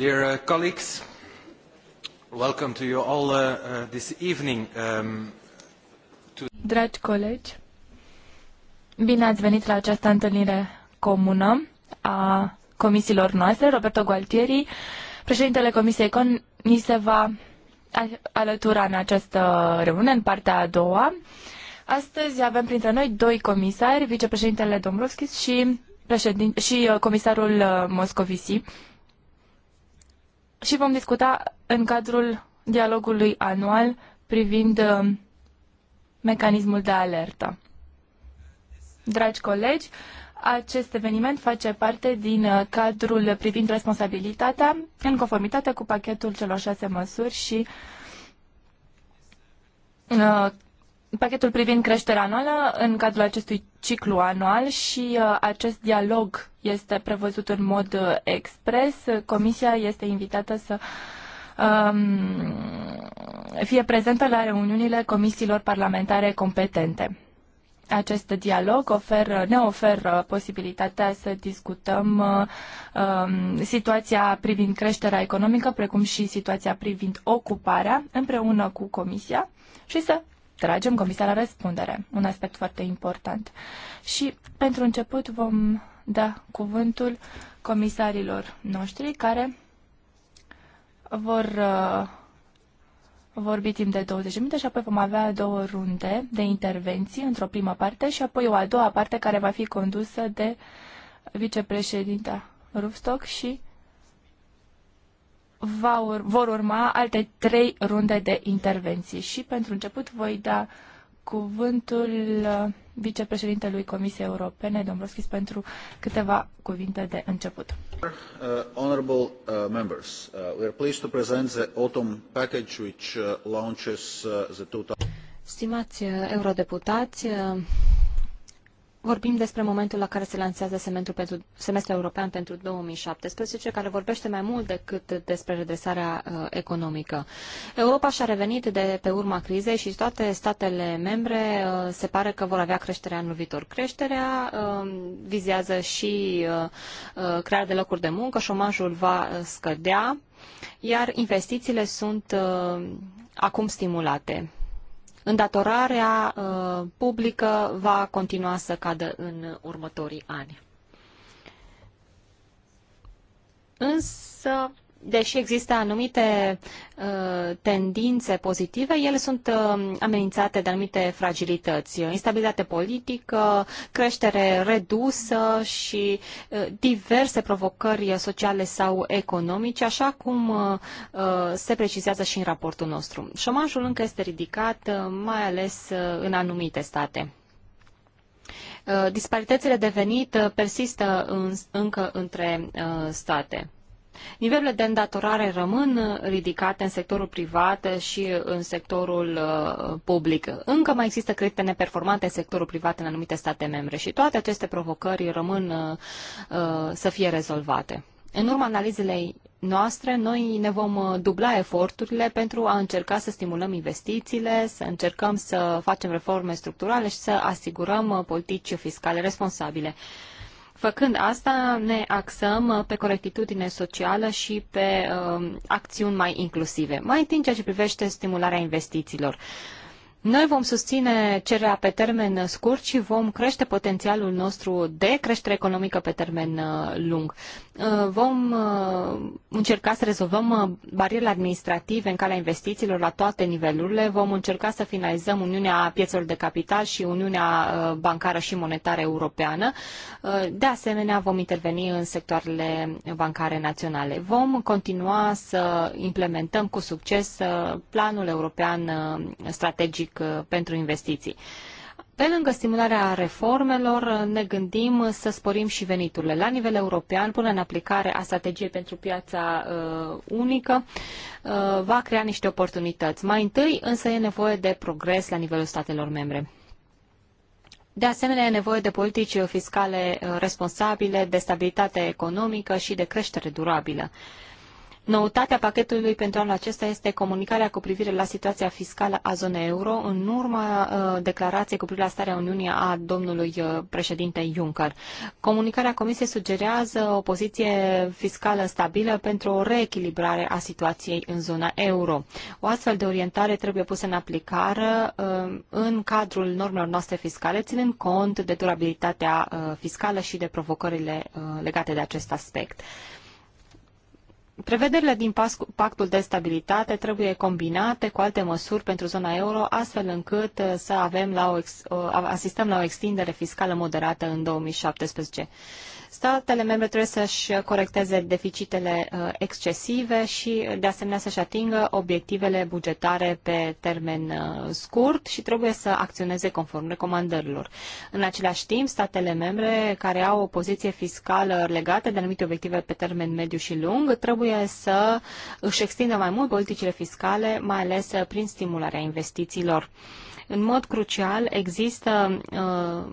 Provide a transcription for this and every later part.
Dear uh, colleagues, welcome to you all uh, uh, this evening. Um, to... Dragi colegi, bine ați venit la această întâlnire comună a comisiilor noastre. Roberto Gualtieri, președintele Comisiei Con, ni se va alătura în această reuniune, în partea a doua. Astăzi avem printre noi doi comisari, vicepreședintele Dombrovskis și, și uh, comisarul uh, Moscovici și vom discuta în cadrul dialogului anual privind uh, mecanismul de alertă. Dragi colegi, acest eveniment face parte din uh, cadrul privind responsabilitatea în conformitate cu pachetul celor șase măsuri și uh, pachetul privind creșterea anuală în cadrul acestui ciclu anual și acest dialog este prevăzut în mod uh, expres. Comisia este invitată să um, fie prezentă la reuniunile comisiilor parlamentare competente. Acest dialog oferă, ne oferă posibilitatea să discutăm uh, um, situația privind creșterea economică, precum și situația privind ocuparea, împreună cu Comisia și să tragem Comisia la răspundere. Un aspect foarte important. Și pentru început vom da cuvântul comisarilor noștri care vor uh, vorbi timp de 20 minute și apoi vom avea două runde de intervenții într-o primă parte și apoi o a doua parte care va fi condusă de vicepreședinta Rufstock și va ur- vor urma alte trei runde de intervenții. Și pentru început voi da uh, cuvântul uh, vicepreședintelui Comisiei Europene, Dombrovskis, pentru câteva cuvinte de început. Uh, honorable uh, members, uh, we are pleased to present the autumn package which uh, launches uh, the total. Stimați uh, eurodeputați, uh, Vorbim despre momentul la care se lansează semestrul, pentru, semestrul european pentru 2017, care vorbește mai mult decât despre redresarea uh, economică. Europa și-a revenit de pe urma crizei și toate statele membre uh, se pare că vor avea creșterea anul viitor. Creșterea uh, vizează și uh, uh crearea de locuri de muncă, șomajul va uh, scădea, iar investițiile sunt uh, acum stimulate îndatorarea uh, publică va continua să cadă în următorii ani. Însă, deși există anumite uh, tendințe pozitive, ele sunt uh, amenințate de anumite fragilități, instabilitate politică, creștere redusă și uh, diverse provocări sociale sau economice, așa cum uh, uh, se precizează și în raportul nostru. Șomajul încă este ridicat, uh, mai ales în anumite state. Disparitățile de venit persistă în, încă între state. Nivelurile de îndatorare rămân ridicate în sectorul privat și în sectorul uh, public. Încă mai există credite neperformante în sectorul privat în anumite state membre și toate aceste provocări rămân uh, uh, să fie rezolvate. În urma analizei noastre, noi ne vom dubla eforturile pentru a încerca să stimulăm investițiile, să încercăm să facem reforme structurale și să asigurăm politici fiscale responsabile. Făcând asta, ne axăm uh, pe corectitudine socială și pe uh, acțiuni mai inclusive. Mai întâi, în ceea ce privește stimularea investițiilor. Uh, noi vom susține cererea pe termen scurt și vom crește potențialul nostru de creștere economică pe termen uh, lung. Uh, vom uh, încerca să rezolvăm barierele administrative în calea investițiilor la toate nivelurile. Vom încerca să finalizăm Uniunea Piețelor de Capital și Uniunea Bancară și Monetară Europeană. De asemenea, vom interveni în sectoarele bancare naționale. Vom continua să implementăm cu succes planul european strategic strategic uh, pentru investiții. Pe lângă stimularea reformelor, uh, ne gândim uh, să sporim și veniturile. La nivel european, până în aplicare a strategiei pentru piața uh, unică, uh, va crea niște oportunități. Mai întâi, însă, e nevoie de progres la nivelul statelor membre. De asemenea, e nevoie de politici fiscale responsabile, de stabilitate economică și de creștere durabilă. Uh, Noutatea pachetului pentru anul acesta este comunicarea cu privire la situația fiscală a zonei euro în urma uh, declarației cu privire la starea Uniunii a domnului uh, președinte Juncker. Comunicarea Comisiei sugerează o poziție fiscală stabilă pentru o reechilibrare a situației în zona euro. O astfel de orientare trebuie pusă în aplicare uh, în cadrul normelor noastre fiscale, ținând cont de durabilitatea fiscală și de provocările legate de acest aspect. Prevederile din pactul de stabilitate trebuie combinate cu alte măsuri pentru zona euro, astfel încât uh, să avem la o, asistăm la o extindere fiscală moderată în 2017. Statele membre trebuie să-și corecteze deficitele uh, excesive și, de asemenea, să-și atingă obiectivele bugetare pe termen uh, scurt și trebuie să acționeze conform recomandărilor. În același timp, statele membre care au o poziție fiscală legată de anumite obiective pe termen mediu și lung trebuie să își extindă mai mult politicile fiscale, mai ales uh, prin stimularea investițiilor. În mod crucial, există uh,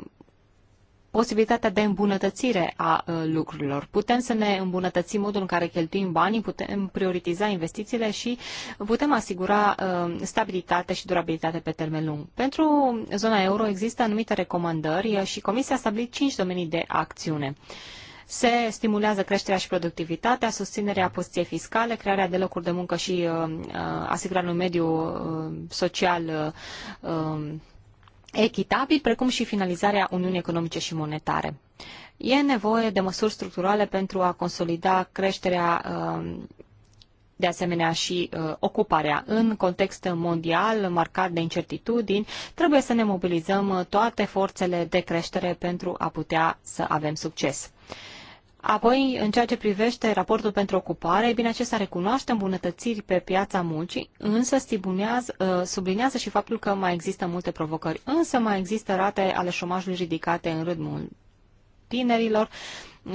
posibilitatea de îmbunătățire a uh, lucrurilor. Putem să ne îmbunătățim modul în care cheltuim banii, putem prioritiza investițiile și putem asigura uh, stabilitate și durabilitate pe termen lung. Pentru zona euro există anumite recomandări și Comisia a stabilit cinci domenii de acțiune se stimulează creșterea și productivitatea, susținerea poziției fiscale, crearea de locuri de muncă și uh, uh asigurarea unui mediu uh, social uh, um, echitabil, precum și finalizarea Uniunii Economice și Monetare. E nevoie de măsuri structurale pentru a consolida creșterea um, de asemenea și uh, ocuparea. În context mondial marcat de incertitudini, trebuie să ne mobilizăm toate forțele de creștere pentru a putea să avem succes. Uh, Apoi, în ceea ce privește raportul pentru ocupare, bine, acesta recunoaște îmbunătățiri pe piața muncii, însă ă, sublinează și faptul că mai există multe provocări. Însă mai există rate ale șomajului ridicate în rândul tinerilor.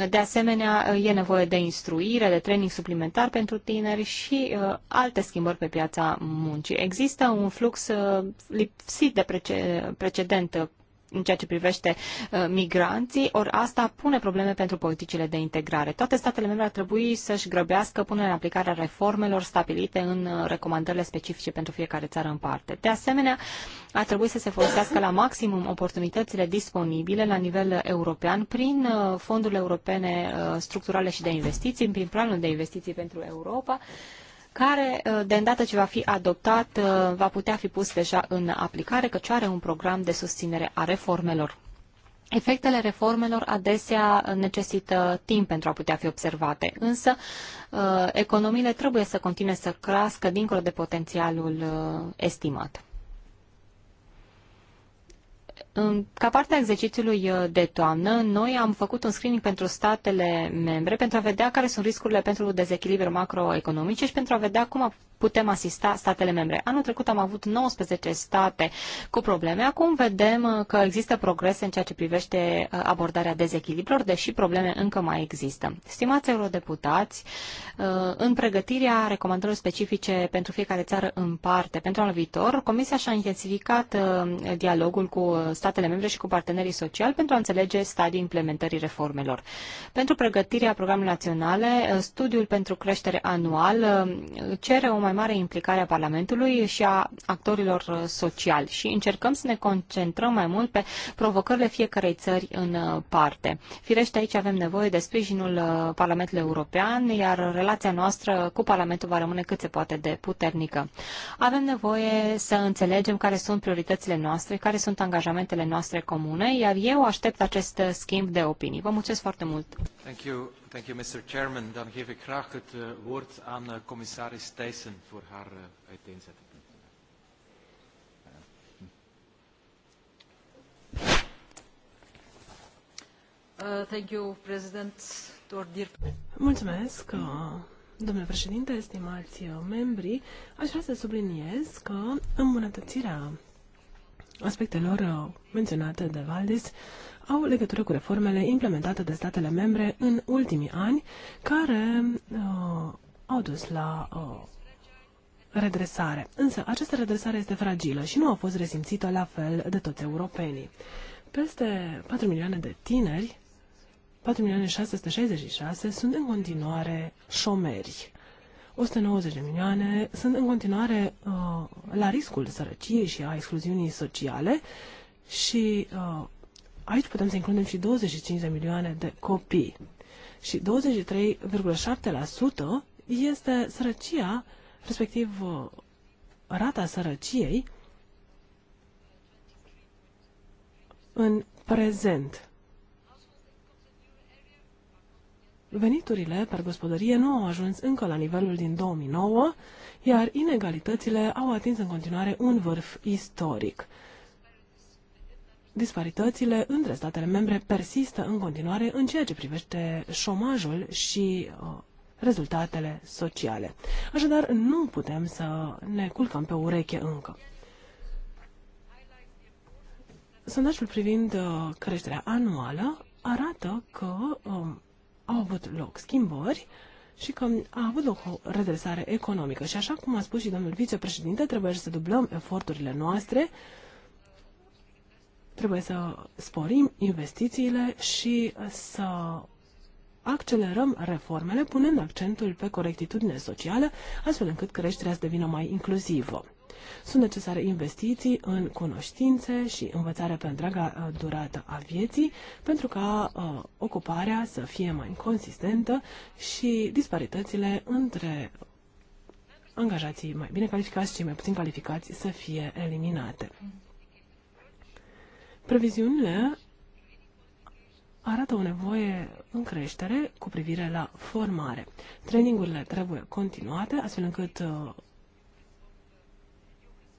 De asemenea, e nevoie de instruire, de training suplimentar pentru tineri și uh, alte schimbări pe piața muncii. Există un flux uh, lipsit de prece- precedent în ceea ce privește uh, migranții, ori asta pune probleme pentru politicile de integrare. Toate statele membre ar trebui să-și grăbească punerea în aplicare a reformelor stabilite în uh, recomandările specifice pentru fiecare țară în parte. De asemenea, ar trebui să se folosească la maximum oportunitățile disponibile la nivel european prin uh, fondurile europene structurale și de investiții, prin planul de investiții pentru Europa, care, uh, de îndată ce va fi adoptat, uh, va putea fi pus deja în aplicare, căci are un program de susținere a reformelor. Efectele reformelor adesea necesită timp pentru a putea fi observate, însă uh, economiile trebuie să continue să crească dincolo de potențialul estimat. Ca parte a exercițiului uh, de toamnă, noi am făcut un screening pentru statele membre pentru a vedea care sunt riscurile pentru dezechilibru macroeconomice și pentru a vedea cum putem asista statele membre. Anul trecut am avut 19 state cu probleme. Acum vedem uh, că există progrese în ceea ce privește uh, abordarea dezechilibrilor, deși probleme încă mai există. Stimați eurodeputați, în pregătirea recomandărilor specifice pentru fiecare țară în parte pentru anul viitor, Comisia și-a intensificat dialogul cu statele membre și cu partenerii sociali pentru a înțelege stadii implementării reformelor. Pentru pregătirea programelor naționale, studiul pentru creștere anual uh, cere o mai mare implicare a Parlamentului și a actorilor uh, sociali și încercăm să ne concentrăm mai mult pe provocările fiecarei țări în uh, parte. Firește, aici avem nevoie de sprijinul Parlamentului European, iar relația noastră cu Parlamentul va rămâne cât se poate de puternică. Avem nevoie să înțelegem care sunt prioritățile noastre, care sunt angajamentele interesele noastre comune, iar eu aștept acest schimb de opinii. Vă mulțumesc foarte mult! Thank you. Thank you, Mr. Chairman. Dan geef ik graag het uh, woord aan uh, commissaris Thijssen voor haar uh, uiteenzetting. Uh, thank you, President. Mulțumesc, domnule președinte, stimați membri. Aș vrea să subliniez că îmbunătățirea aspectelor uh, menționate de Valdis au legătură cu reformele implementate de statele membre în ultimii ani, care uh, au dus la uh, redresare. Însă această redresare este fragilă și nu a fost resimțită la fel de toți europenii. Peste 4 milioane de tineri, 4 milioane 666, sunt în continuare șomeri. 190 de milioane sunt în continuare uh, la riscul sărăciei și a excluziunii sociale și uh, aici putem să includem și 25 de milioane de copii. Și 23,7% este sărăcia, respectiv uh, rata sărăciei în prezent. veniturile per gospodărie nu au ajuns încă la nivelul din 2009, iar inegalitățile au atins în continuare un vârf istoric. Disparitățile între statele membre persistă în continuare în ceea ce privește șomajul și uh, rezultatele sociale. Așadar, nu putem să ne culcăm pe ureche încă. Sondajul privind uh, creșterea anuală arată că um, au avut loc schimbări și că a avut loc o redresare economică. Și așa cum a spus și domnul vicepreședinte, trebuie să dublăm eforturile noastre, trebuie să sporim investițiile și să accelerăm reformele, punând accentul pe corectitudine socială, astfel încât creșterea să devină mai inclusivă. Sunt necesare investiții în cunoștințe și învățare pe întreaga uh, durată a vieții pentru ca uh, ocuparea să fie mai consistentă și disparitățile între angajații mai bine calificați și cei mai puțin calificați să fie eliminate. Previziunile arată o nevoie în creștere cu privire la formare. Trainingurile trebuie continuate, astfel încât uh,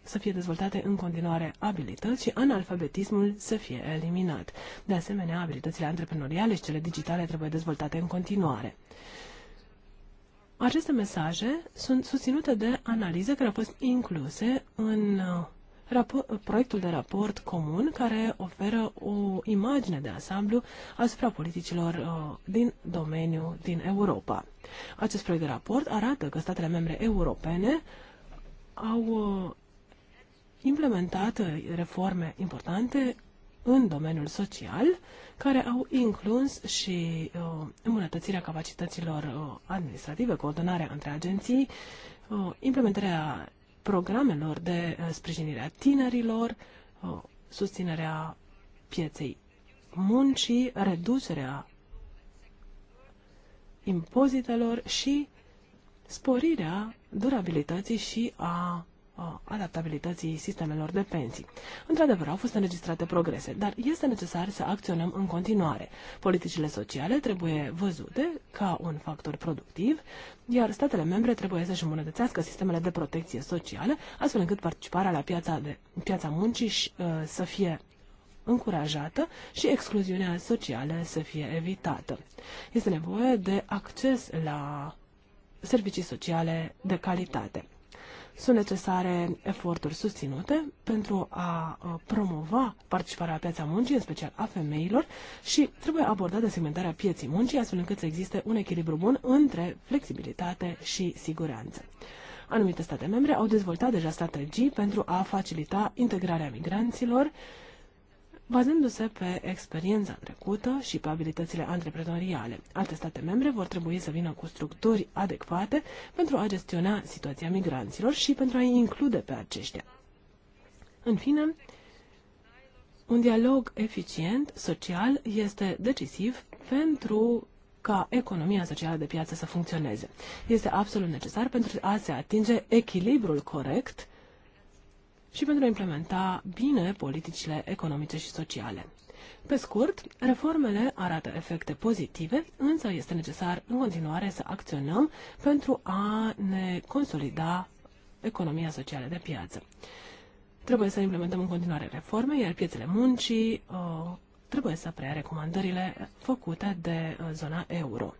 să fie dezvoltate în continuare abilități și analfabetismul să fie eliminat. De asemenea, abilitățile antreprenoriale și cele digitale trebuie dezvoltate în continuare. Aceste mesaje sunt susținute de analize care au fost incluse în uh, uh, proiectul de raport comun care oferă o imagine de asamblu asupra politicilor uh, din domeniu din Europa. Acest proiect de raport arată că statele membre europene au implementat reforme importante în domeniul social, care au inclus și uh, îmbunătățirea capacităților uh, administrative, coordonarea între agenții, uh, implementarea programelor de uh, sprijinire a tinerilor, uh, susținerea pieței muncii, reducerea impozitelor și sporirea durabilității și a adaptabilității sistemelor de pensii. Într-adevăr, au fost înregistrate progrese, dar este necesar să acționăm în continuare. Politicile sociale trebuie văzute ca un factor productiv, iar statele membre trebuie să-și îmbunătățească sistemele de protecție socială, astfel încât participarea la piața, de, piața muncii și, uh, să fie încurajată și excluziunea socială să fie evitată. Este nevoie de acces la servicii sociale de calitate. Sunt necesare eforturi susținute pentru a promova participarea la piața muncii, în special a femeilor, și trebuie abordată segmentarea pieții muncii, astfel încât să existe un echilibru bun între flexibilitate și siguranță. Anumite state membre au dezvoltat deja strategii pentru a facilita integrarea migranților bazându-se pe experiența trecută și pe abilitățile antreprenoriale. Alte state membre vor trebui să vină cu structuri adecvate pentru a gestiona situația migranților și pentru a-i include pe aceștia. În fine, un dialog eficient, social, este decisiv pentru ca economia socială de piață să funcționeze. Este absolut necesar pentru a se atinge echilibrul corect și pentru a implementa bine politicile economice și sociale. Pe scurt, reformele arată efecte pozitive, însă este necesar în continuare să acționăm pentru a ne consolida economia socială de piață. Trebuie să implementăm în continuare reforme, iar piețele muncii uh, trebuie să preia recomandările făcute de uh, zona euro.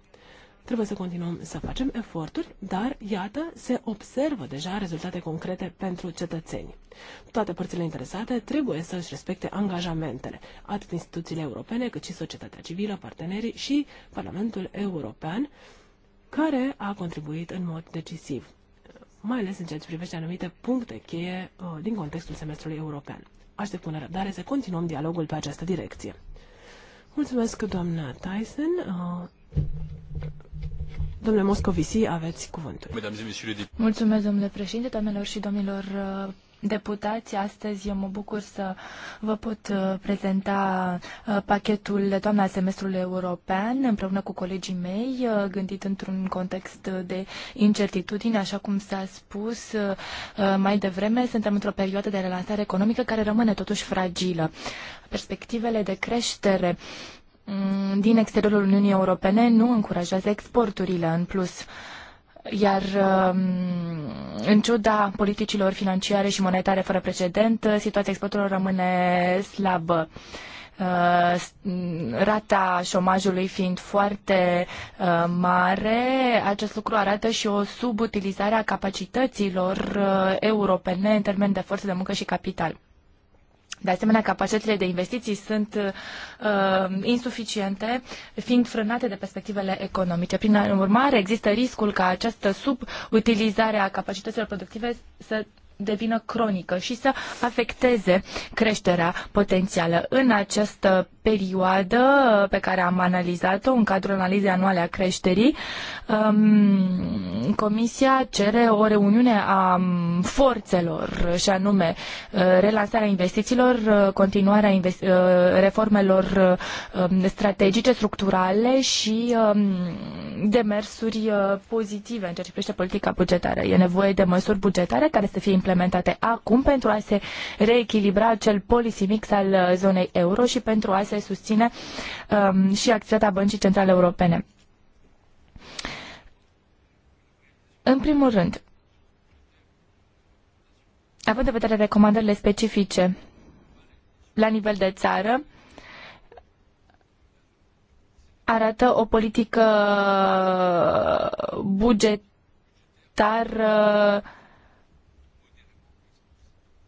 Trebuie să continuăm să facem eforturi, dar, iată, se observă deja rezultate concrete pentru cetățeni. Toate părțile interesate trebuie să își respecte angajamentele, atât instituțiile europene, cât și societatea civilă, partenerii și Parlamentul European, care a contribuit în mod decisiv mai ales în ceea ce privește anumite puncte cheie uh, din contextul semestrului european. Aștept cu nerăbdare să continuăm dialogul pe această direcție. Mulțumesc, doamna Tyson. Uh, Domnule Moscovici, aveți cuvântul. Mulțumesc, domnule președinte, doamnelor și domnilor uh, deputați. Astăzi eu mă bucur să vă pot uh, prezenta uh, pachetul de toamna semestrului european împreună cu colegii mei, gândit într-un context de incertitudine, așa cum s-a spus mai devreme. Suntem într-o perioadă de relansare economică care rămâne totuși fragilă. Perspectivele de creștere Mm, din exteriorul Uniunii Europene nu încurajează exporturile în plus. Iar um, în ciuda politicilor financiare și monetare fără precedent, situația exporturilor rămâne slabă uh, mm, rata șomajului fiind foarte uh, mare, acest lucru arată și o subutilizare a capacităților uh, europene în termen de forță de muncă și capital. De asemenea, capacitățile de investiții sunt uh, insuficiente, fiind frânate de perspectivele economice. Prin urmare, există riscul ca această subutilizare a capacităților productive să devină cronică și să afecteze creșterea potențială. În această perioadă pe care am analizat-o în cadrul analizei anuale a creșterii, Comisia cere o reuniune a forțelor și anume uh, relansarea investițiilor, uh, continuarea uh, reformelor um, strategice, structurale și um, demersuri pozitive în ceea ce privește politica bugetară. E nevoie de măsuri bugetare care să fie implementate acum pentru a se reechilibra acel policy mix al zonei euro și pentru a se se susține um, și activitatea Băncii Centrale Europene. În primul rând, având în vedere recomandările specifice la nivel de țară, arată o politică bugetară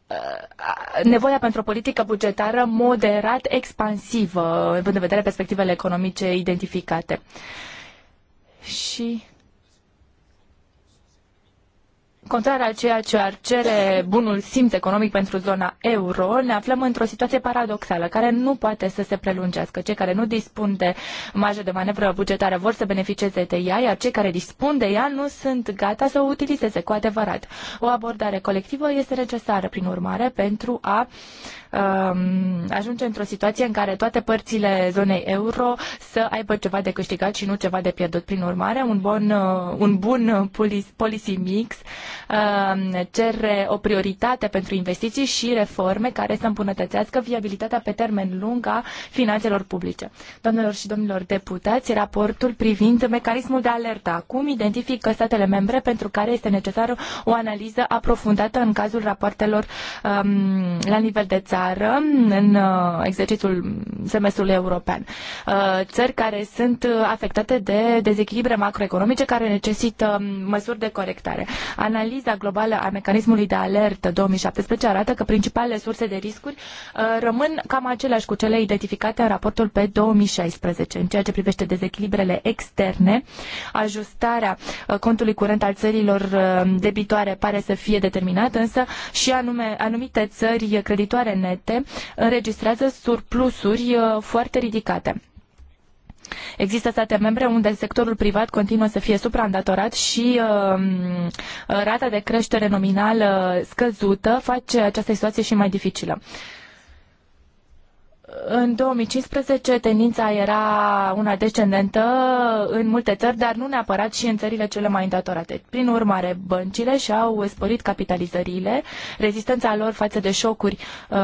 Uh, nevoia pentru o politică bugetară moderat expansivă, având în vedere perspectivele economice identificate. Și contrar a ceea ce ar cere bunul simț economic pentru zona euro, ne aflăm într-o situație paradoxală, care nu poate să se prelungească. Cei care nu dispun de marjă de manevră bugetară vor să beneficieze de ea, iar cei care dispun de ea nu sunt gata să o utilizeze cu adevărat. O abordare colectivă este necesară, prin urmare, pentru a Um, ajunge într-o situație în care toate părțile zonei euro să aibă ceva de câștigat și nu ceva de pierdut. Prin urmare, un bun, uh, un bun policy mix um, cere o prioritate pentru investiții și reforme care să îmbunătățească viabilitatea pe termen lung a finanțelor publice. Doamnelor și domnilor deputați, raportul privind mecanismul de alertă acum identifică statele membre pentru care este necesară o analiză aprofundată în cazul rapoartelor um, la nivel de țară țară în uh, exercițiul semestrului european. Uh, țări care sunt afectate de dezechilibre macroeconomice care necesită măsuri de corectare. Analiza globală a mecanismului de alertă 2017 arată că principalele surse de riscuri uh, rămân cam aceleași cu cele identificate în raportul pe 2016. În ceea ce privește dezechilibrele externe, ajustarea contului curent al țărilor debitoare pare să fie determinată, însă și anume, anumite țări creditoare planete înregistrează surplusuri uh, foarte ridicate. Există state membre unde sectorul privat continuă să fie supraîndatorat și uh, rata de creștere nominală uh, scăzută face această situație și mai dificilă. Uh, în 2015 tendința era una descendentă în multe țări, dar nu neapărat și în țările cele mai îndatorate. Prin urmare, băncile și-au sporit capitalizările, rezistența lor față de șocuri uh,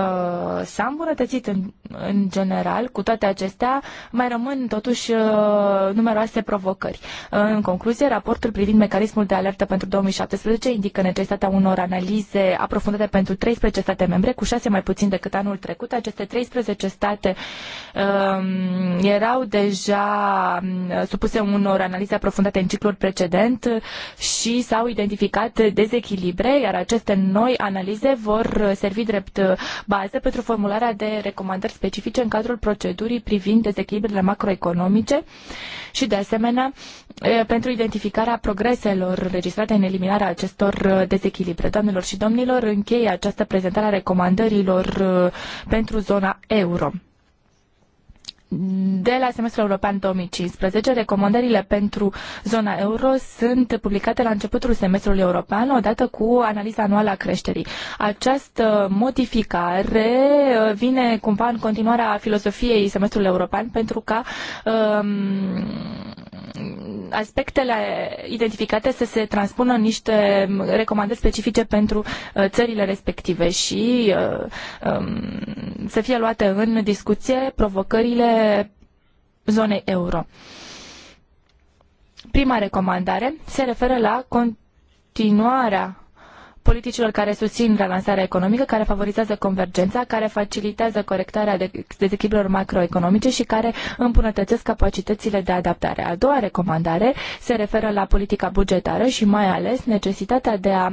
s-a îmbunătățit în, în general. Cu toate acestea, mai rămân totuși uh, numeroase provocări. Uh, în concluzie, raportul privind mecanismul de alertă pentru 2017 indică necesitatea unor analize aprofundate pentru 13 state membre, cu 6 mai puțin decât anul trecut. Aceste 13 state um, erau deja um, supuse unor analize aprofundate în ciclul precedent și s-au identificat dezechilibre, iar aceste noi analize vor servi drept bază pentru formularea de recomandări specifice în cadrul procedurii privind dezechilibrele macroeconomice și, de asemenea, pentru identificarea progreselor registrate în eliminarea acestor uh, dezechilibre. Doamnelor și domnilor, încheie această prezentare a recomandărilor uh, pentru zona euro. De la semestrul european 2015, recomandările pentru zona euro sunt publicate la începutul semestrului european, odată cu analiza anuală a creșterii. Această modificare uh, vine cumva în continuarea filosofiei semestrului european pentru ca um, aspectele identificate să se transpună în niște recomandări specifice pentru uh, țările respective și uh, um, să fie luate în discuție provocările zonei euro. Prima recomandare se referă la continuarea politicilor care susțin relansarea economică, care favorizează convergența, care facilitează corectarea dezechilibrelor macroeconomice și care îmbunătățesc capacitățile de adaptare. A doua recomandare se referă la politica bugetară și mai ales necesitatea de a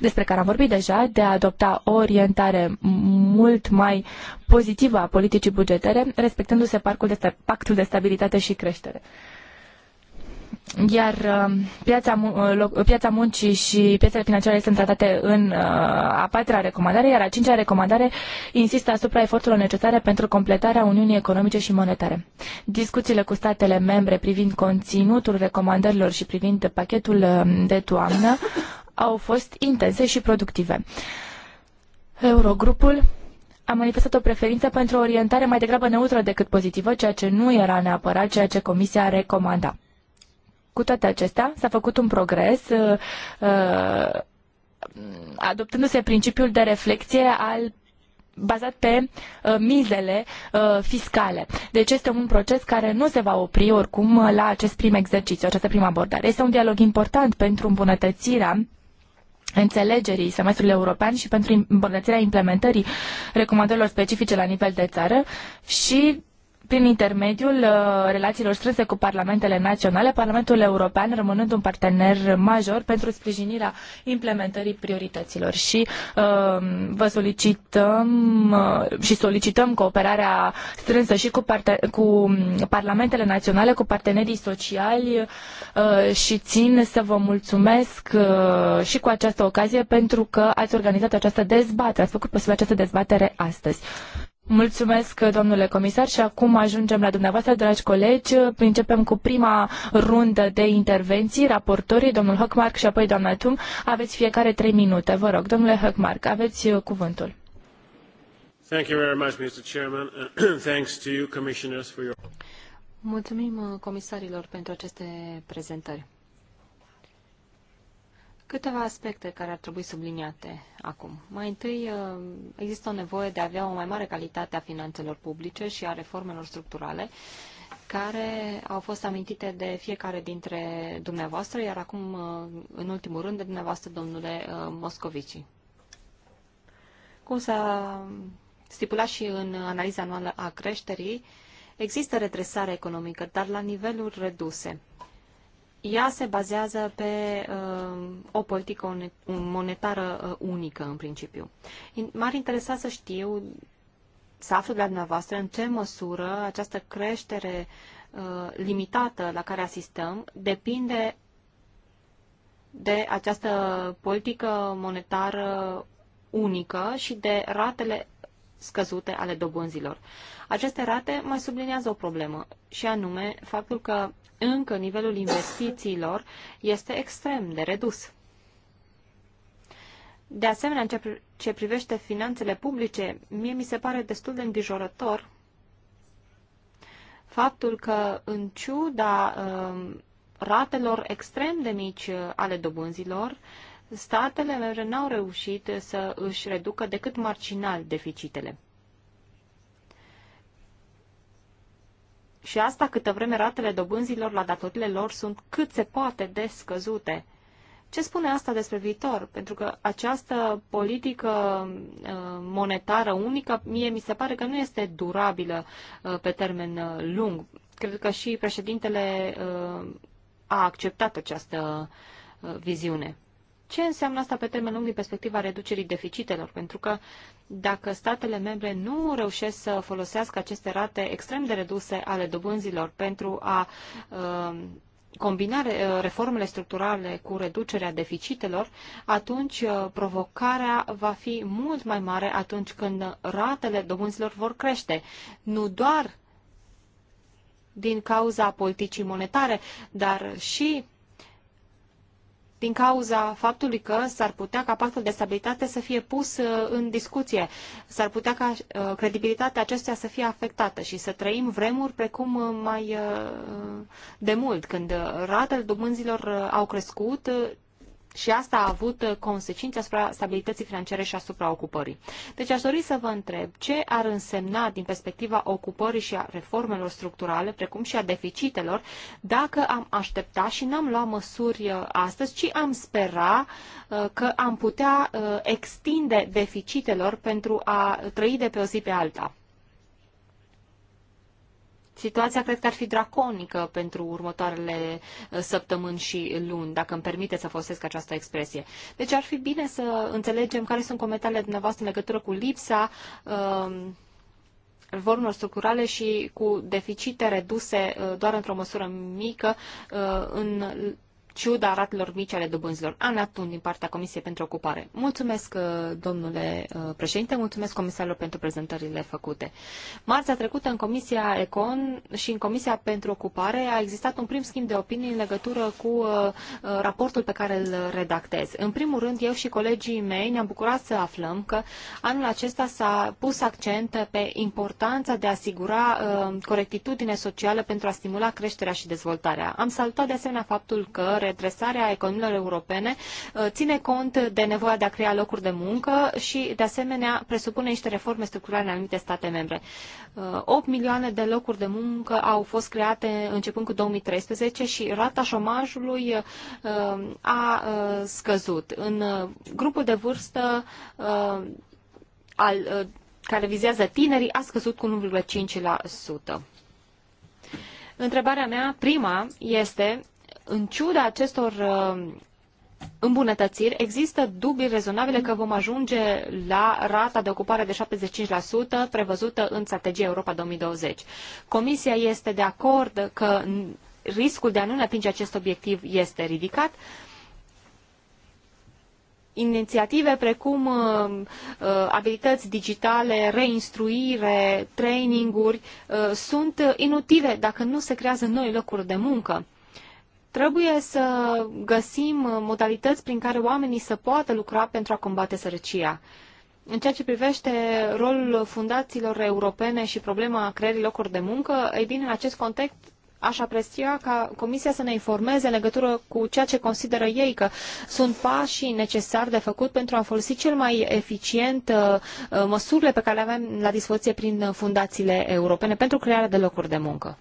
despre care am vorbit deja, de a adopta o orientare mult mai pozitivă a politicii bugetare, respectându-se pactul de stabilitate și creștere iar um, piața, uh, uh, piața muncii și piețele financiare sunt tratate în uh, a patra recomandare, iar a cincea recomandare insistă asupra eforturilor necesare pentru completarea Uniunii Economice și Monetare. Discuțiile cu statele membre privind conținutul recomandărilor și privind pachetul um, de toamnă au fost intense și productive. Eurogrupul a manifestat o preferință pentru o orientare mai degrabă neutră decât pozitivă, ceea ce nu era neapărat ceea ce Comisia recomanda. Cu toate acestea, s-a făcut un progres uh, uh, adoptându-se principiul de reflexie al bazat pe uh, mizele uh, fiscale. Deci este un proces care nu se va opri oricum uh, la acest prim exercițiu, această primă abordare. Este un dialog important pentru îmbunătățirea înțelegerii semestrului european și pentru îmbunătățirea implementării recomandărilor specifice la nivel de țară și prin intermediul uh, relațiilor strânse cu parlamentele naționale, Parlamentul European rămânând un partener major pentru sprijinirea implementării priorităților. Și uh, vă solicităm uh, și solicităm cooperarea strânsă și cu, cu parlamentele naționale, cu partenerii sociali și țin să vă mulțumesc și cu această ocazie pentru că ați organizat această dezbatere, ați făcut posibil această dezbatere astăzi. Mulțumesc, domnule comisar, și acum ajungem la dumneavoastră, dragi colegi. Începem cu prima rundă de intervenții. Raportorii, domnul Höckmark și apoi doamna Tum, aveți fiecare trei minute. Vă rog, domnule Höckmark, aveți uh, cuvântul. Mulțumim uh, comisarilor pentru aceste prezentări. Câteva aspecte care ar trebui subliniate acum. Mai întâi, uh, există o nevoie de a avea o mai mare calitate a finanțelor publice și a reformelor structurale care au fost amintite de fiecare dintre dumneavoastră, iar acum, uh, în ultimul rând, de dumneavoastră, domnule uh, Moscovici. Cum s-a stipulat și în analiza anuală a creșterii, există redresare economică, dar la niveluri reduse ea se bazează pe uh, o politică monetară uh, unică, în principiu. M-ar interesa să știu, să aflu de la dumneavoastră, în ce măsură această creștere uh, limitată la care asistăm depinde de această politică monetară unică și de ratele scăzute ale dobânzilor. Aceste rate mai sublinează o problemă, și anume faptul că încă nivelul investițiilor este extrem de redus. De asemenea, în ce privește finanțele publice, mie mi se pare destul de îngrijorător faptul că, în ciuda um, ratelor extrem de mici uh, ale dobânzilor, statele membre n-au reușit să își reducă decât marginal deficitele. Și asta câtă vreme ratele dobânzilor la datorile lor sunt cât se poate de scăzute. Ce spune asta despre viitor? Pentru că această politică uh, monetară unică, mie mi se pare că nu este durabilă uh, pe termen uh, lung. Cred că și președintele a acceptat această viziune ce înseamnă asta pe termen lung din perspectiva reducerii deficitelor? Pentru că dacă statele membre nu reușesc să folosească aceste rate extrem de reduse ale dobânzilor pentru a uh, combina uh, reformele structurale cu reducerea deficitelor, atunci uh, provocarea va fi mult mai mare atunci când ratele dobânzilor vor crește. Nu doar din cauza politicii monetare, dar și din cauza faptului că s-ar putea ca pactul de stabilitate să fie pus uh, în discuție, s-ar putea ca uh, credibilitatea acestuia să fie afectată și să trăim vremuri precum uh, mai de mult, când ratele dobânzilor au crescut, și asta a avut uh, consecințe asupra stabilității financiare și asupra ocupării. Deci aș dori să vă întreb ce ar însemna din perspectiva ocupării și a reformelor structurale, precum și a deficitelor, dacă am aștepta și n-am luat măsuri uh, astăzi, ci am spera uh, că am putea extinde deficitelor pentru a trăi de pe o zi pe alta. Situația cred că ar fi draconică pentru următoarele uh, săptămâni și luni, dacă îmi permite să folosesc această expresie. Deci ar fi bine să înțelegem care sunt comentariile dumneavoastră în legătură cu lipsa uh, reformelor structurale și cu deficite reduse uh, doar într-o măsură mică uh, în ciuda ratelor mici ale dobânzilor. Ana Tun, din partea Comisiei pentru Ocupare. Mulțumesc, uh, domnule uh, președinte, mulțumesc comisarilor pentru prezentările făcute. Marțea trecută, în Comisia Econ și în Comisia pentru Ocupare, a existat un prim schimb de opinii în legătură cu uh, raportul pe care îl redactez. În primul rând, eu și colegii mei ne-am bucurat să aflăm că anul acesta s-a pus accent pe importanța de a asigura corectitudine socială pentru a stimula creșterea și dezvoltarea. Am salutat de asemenea faptul că a economiilor europene uh, ține cont de nevoia de a crea locuri de muncă și, de asemenea, presupune niște reforme structurale în anumite state membre. 8 uh, milioane de locuri de muncă au fost create începând cu 2013 și rata șomajului uh, a scăzut. În grupul de vârstă al, care vizează tinerii a scăzut cu 1,5%. Întrebarea mea, prima, este în ciuda acestor uh, îmbunătățiri, există dubii rezonabile că vom ajunge la rata de ocupare de 75% prevăzută în strategia Europa 2020. Comisia este de acord că riscul de a nu atinge acest obiectiv este ridicat, inițiative precum uh, uh, abilități digitale, reinstruire, traininguri uh, sunt inutile dacă nu se creează noi locuri de muncă. Trebuie să găsim uh, modalități prin care oamenii să poată lucra pentru a combate sărăcia. În ceea ce privește rolul fundațiilor europene și problema creării locuri de muncă, ei bine, în acest context aș aprecia ca Comisia să ne informeze în legătură cu ceea ce consideră ei că sunt pașii necesari de făcut pentru a folosi cel mai eficient uh, uh, măsurile pe care le avem la dispoziție prin fundațiile europene pentru crearea de locuri de muncă.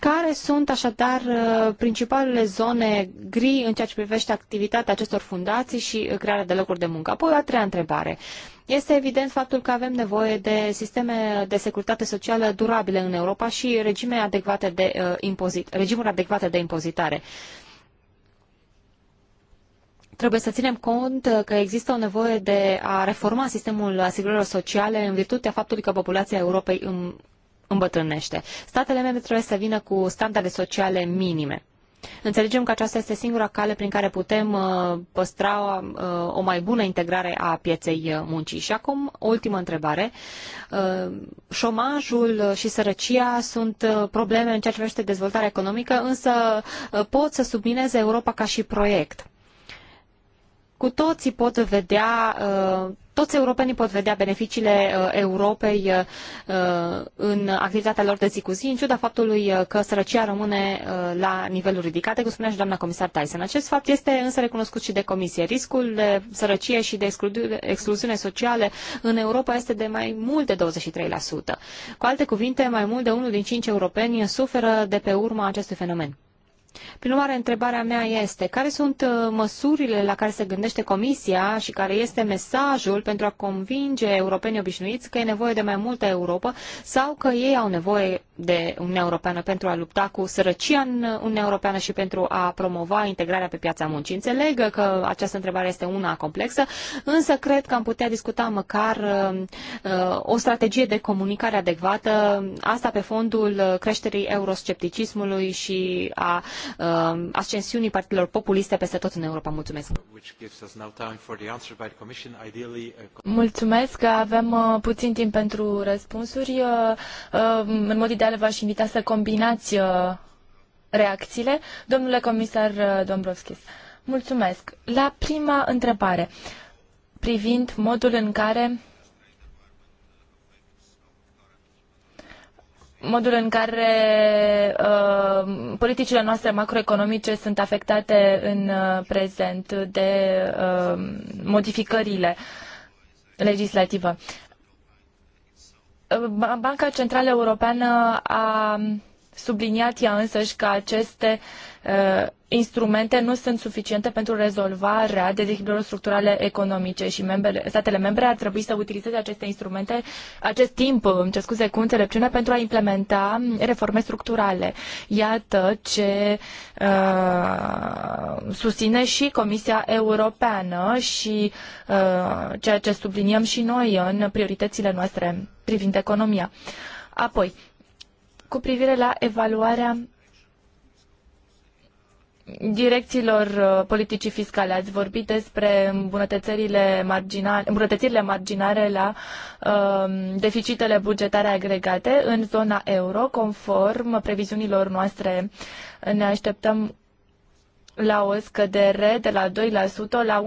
Care sunt așadar uh, principalele zone gri în ceea ce privește activitatea acestor fundații și crearea de locuri de muncă? Apoi, a treia întrebare. Este evident faptul că avem nevoie de sisteme de securitate socială durabile în Europa și regime adecvate de uh, impozit, regimuri adecvate de impozitare. Trebuie să ținem cont că există o nevoie de a reforma sistemul asigurărilor sociale în virtutea faptului că populația Europei îmbătrânește. Statele membre trebuie să vină cu standarde sociale minime. Înțelegem că aceasta este singura cale prin care putem uh, păstra uh, o mai bună integrare a pieței uh, muncii. Și acum, o ultimă întrebare. Șomajul și sărăcia sunt probleme în ceea ce privește dezvoltarea economică, însă pot să submineze Europa ca și proiect. Cu toții pot vedea, uh, toți europenii pot vedea beneficiile uh, Europei uh, în activitatea lor de zi cu zi, în ciuda faptului că sărăcia rămâne la niveluri ridicate, cum spunea și doamna comisar Tyson. Acest fapt este însă recunoscut și de comisie. Riscul de sărăcie și de excluziune sociale în Europa este de mai mult de 23%. Cu alte cuvinte, mai mult de unul din cinci europeni suferă de pe urma acestui fenomen. Prin urmare, întrebarea mea este, care sunt uh, măsurile la care se gândește Comisia și care este mesajul pentru a convinge europenii obișnuiți că e nevoie de mai multă Europa sau că ei au nevoie de Uniunea Europeană pentru a lupta cu sărăcia în Uniunea Europeană și pentru a promova integrarea pe piața muncii. Înțeleg că această întrebare este una complexă, însă cred că am putea discuta măcar uh, o strategie de comunicare adecvată, asta pe fondul creșterii euroscepticismului și a uh, ascensiunii partidelor populiste peste tot în Europa. Mulțumesc! Mulțumesc că avem uh, puțin timp pentru răspunsuri. În mod ideal, mondiale v-aș invita să combinați uh, reacțiile. Domnule comisar uh, Dombrovskis, mulțumesc. La prima întrebare, privind modul în care modul în care uh, politicile noastre macroeconomice sunt afectate în uh, prezent de uh, modificările legislative. Banca Centrală Europeană a subliniat ea însăși că aceste uh, instrumente nu sunt suficiente pentru rezolvarea dezechilibrelor structurale economice și membre, statele membre ar trebui să utilizeze aceste instrumente, acest timp, îmi scuze, cu înțelepciune pentru a implementa reforme structurale. Iată ce uh, susține și Comisia Europeană și uh, ceea ce subliniem și noi în prioritățile noastre privind economia. Apoi, cu privire la evaluarea direcțiilor uh, politicii fiscale. Ați vorbit despre îmbunătățirile marginale, îmbunătățirile marginale la um, deficitele bugetare agregate în zona euro, conform previziunilor noastre. Ne așteptăm la o scădere de la 2% la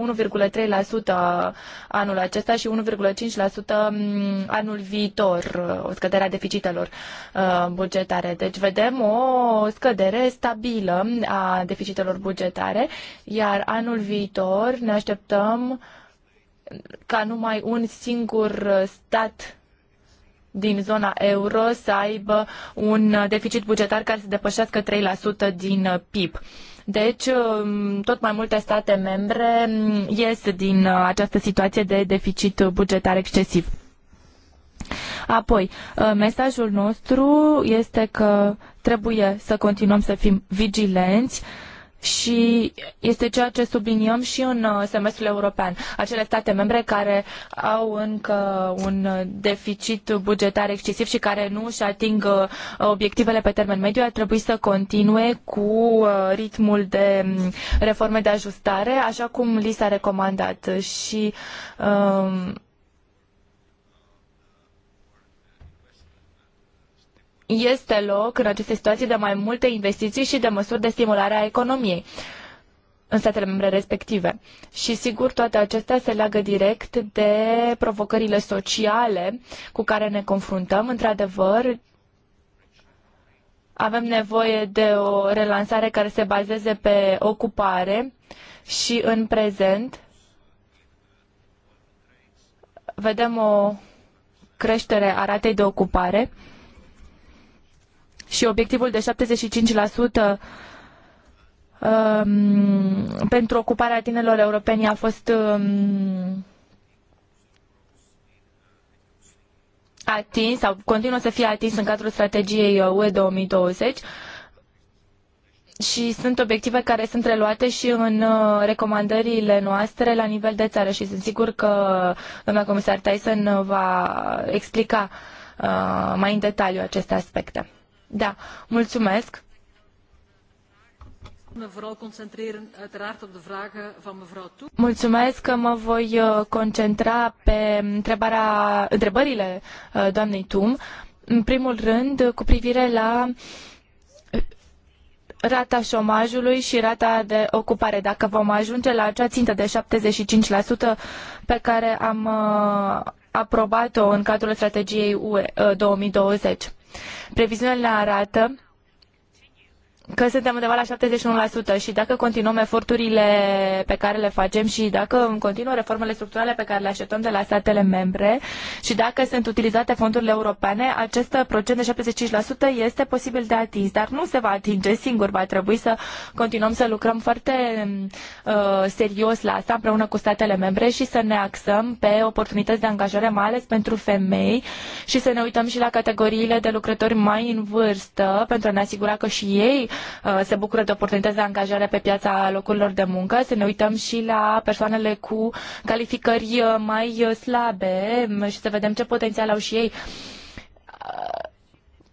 1,3% anul acesta și 1,5% mm, anul viitor, o scădere a deficitelor uh, bugetare. Deci vedem o scădere stabilă a deficitelor bugetare, iar anul viitor ne așteptăm ca numai un singur stat din zona euro să aibă un deficit bugetar care să depășească 3% din PIB. Deci, um, tot mai multe state membre um, ies din uh, această situație de deficit bugetar excesiv. Apoi, uh, mesajul nostru este că trebuie să continuăm să fim vigilenți uh, și este ceea ce subliniem și în uh, semestrul european. Acele state membre care au încă un deficit bugetar excesiv și care nu își ating uh, obiectivele pe termen mediu ar trebui să continue cu uh, ritmul de um, reforme de ajustare, așa cum li s-a recomandat. Și um, este loc în aceste situații de mai multe investiții și de măsuri de stimulare a economiei în statele membre respective. Și sigur, toate acestea se leagă direct de provocările sociale cu care ne confruntăm. Într-adevăr, avem nevoie de o relansare care se bazeze pe ocupare și în prezent vedem o creștere a ratei de ocupare și obiectivul de 75% um, pentru ocuparea tinerilor europeni a fost um, atins sau continuă să fie atins în cadrul strategiei UE 2020 și sunt obiective care sunt reluate și în uh, recomandările noastre la nivel de țară și sunt sigur că doamna comisar Tyson va explica uh, mai în detaliu aceste aspecte. Da, mulțumesc. Mulțumesc că mă voi uh, concentra pe întrebările uh, doamnei Tum. În primul rând, cu privire la uh, rata șomajului și rata de ocupare, dacă vom ajunge la acea țintă de 75% pe care am aprobat-o în cadrul strategiei UE 2020. Previziunile arată că suntem undeva la 71% și dacă continuăm eforturile pe care le facem și dacă continuă reformele structurale pe care le așteptăm de la statele membre și dacă sunt utilizate fondurile europene, acest procent de 75% este posibil de atins, dar nu se va atinge singur, va trebui să continuăm să lucrăm foarte uh, serios la asta împreună cu statele membre și să ne axăm pe oportunități de angajare, mai ales pentru femei și să ne uităm și la categoriile de lucrători mai în vârstă pentru a ne asigura că și ei Uh, se bucură de oportunități de angajare pe piața locurilor de muncă, să ne uităm și la persoanele cu calificări uh, mai uh, slabe um, și să vedem ce potențial au și ei.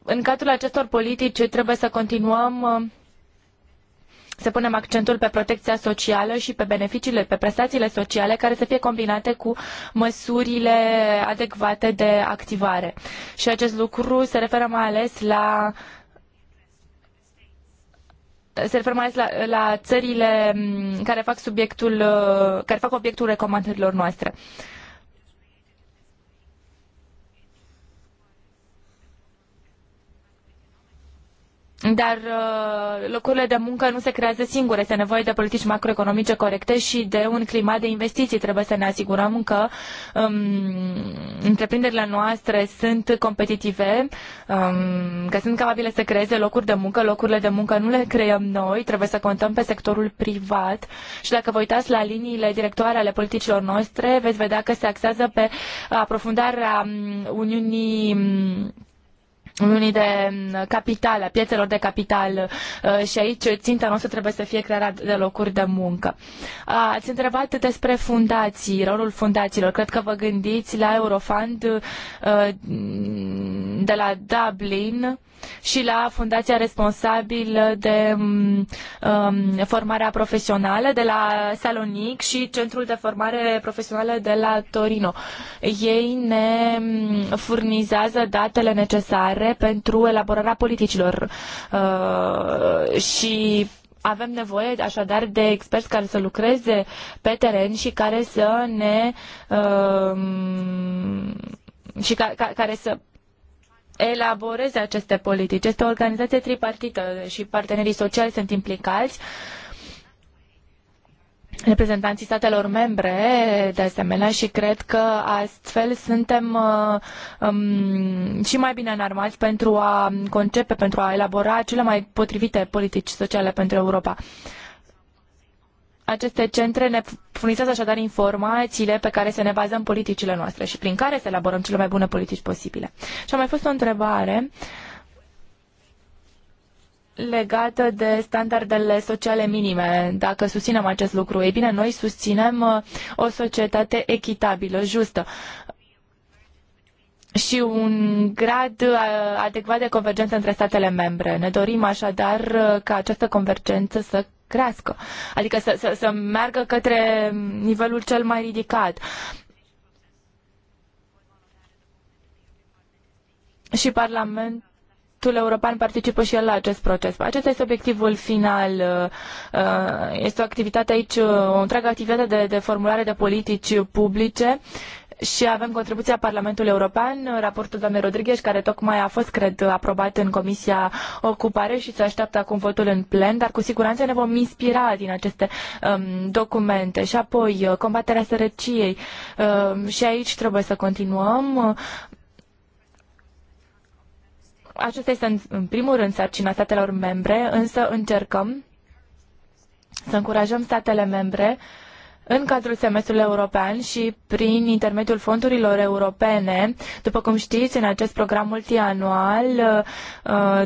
În cadrul acestor politici trebuie să continuăm să punem accentul pe protecția socială și pe beneficiile, pe prestațiile sociale care să fie combinate cu măsurile adecvate de activare. Și acest lucru se referă mai ales la uh, se referă mai ales la, la țările mm, care fac subiectul, uh, care fac obiectul recomandărilor noastre. Uh, Dar uh, locurile de muncă nu se creează singure, este nevoie de politici macroeconomice corecte și de un climat de investiții. Trebuie să ne asigurăm că um, întreprinderile noastre sunt competitive, um, că sunt capabile să creeze locuri de muncă. Locurile de muncă nu le creăm noi, trebuie să contăm pe sectorul privat. Și dacă vă uitați la liniile directoare ale politicilor noastre, veți vedea că se axează pe aprofundarea um, Uniunii um, Uniunii de mm, capital, a piețelor de capital uh, și aici ținta noastră trebuie să fie crearea de locuri de muncă. Ați întrebat despre fundații, rolul fundațiilor. Cred că vă gândiți la Eurofund uh, de la Dublin și la Fundația responsabilă de um, Formarea Profesională de la Salonic și Centrul de Formare Profesională de la Torino. Ei ne mm, furnizează datele necesare pentru elaborarea politicilor uh, și avem nevoie așadar de experți care să lucreze pe teren și care să ne uh, și ca, ca, care să elaboreze aceste politici. Este o organizație tripartită și partenerii sociali sunt implicați. Reprezentanții statelor membre, de asemenea, și cred că astfel suntem uh, um, și mai bine înarmați pentru a concepe, pentru a elabora cele mai potrivite politici sociale pentru Europa. Uh, aceste centre ne furnizează așadar informațiile pe care să ne bazăm politicile noastre și prin care să elaborăm cele mai bune politici posibile. Și a mai fost o întrebare legată de standardele sociale minime. Dacă susținem acest lucru, ei bine, noi susținem uh, o societate echitabilă, justă și un grad uh, adecvat de convergență între statele membre. Ne dorim așadar uh, ca această convergență să crească, adică să, să, să meargă către nivelul cel mai ridicat. Și Parlamentul European participă și el la acest proces. Acesta este obiectivul final. Uh, este o activitate aici, o întreagă activitate de, de formulare de politici publice și avem contribuția Parlamentului European, raportul doamnei Rodriguez, care tocmai a fost, cred, aprobat în Comisia Ocupare și se așteaptă acum votul în plen, dar cu siguranță ne vom inspira din aceste um, documente. Și apoi, uh, combaterea sărăciei. Um, și aici trebuie să continuăm. Acesta este, în, primul rând, sarcina statelor membre, însă încercăm să încurajăm statele membre uh, în cadrul semestrului european și prin intermediul fondurilor europene. După cum știți, în acest program multianual, 20%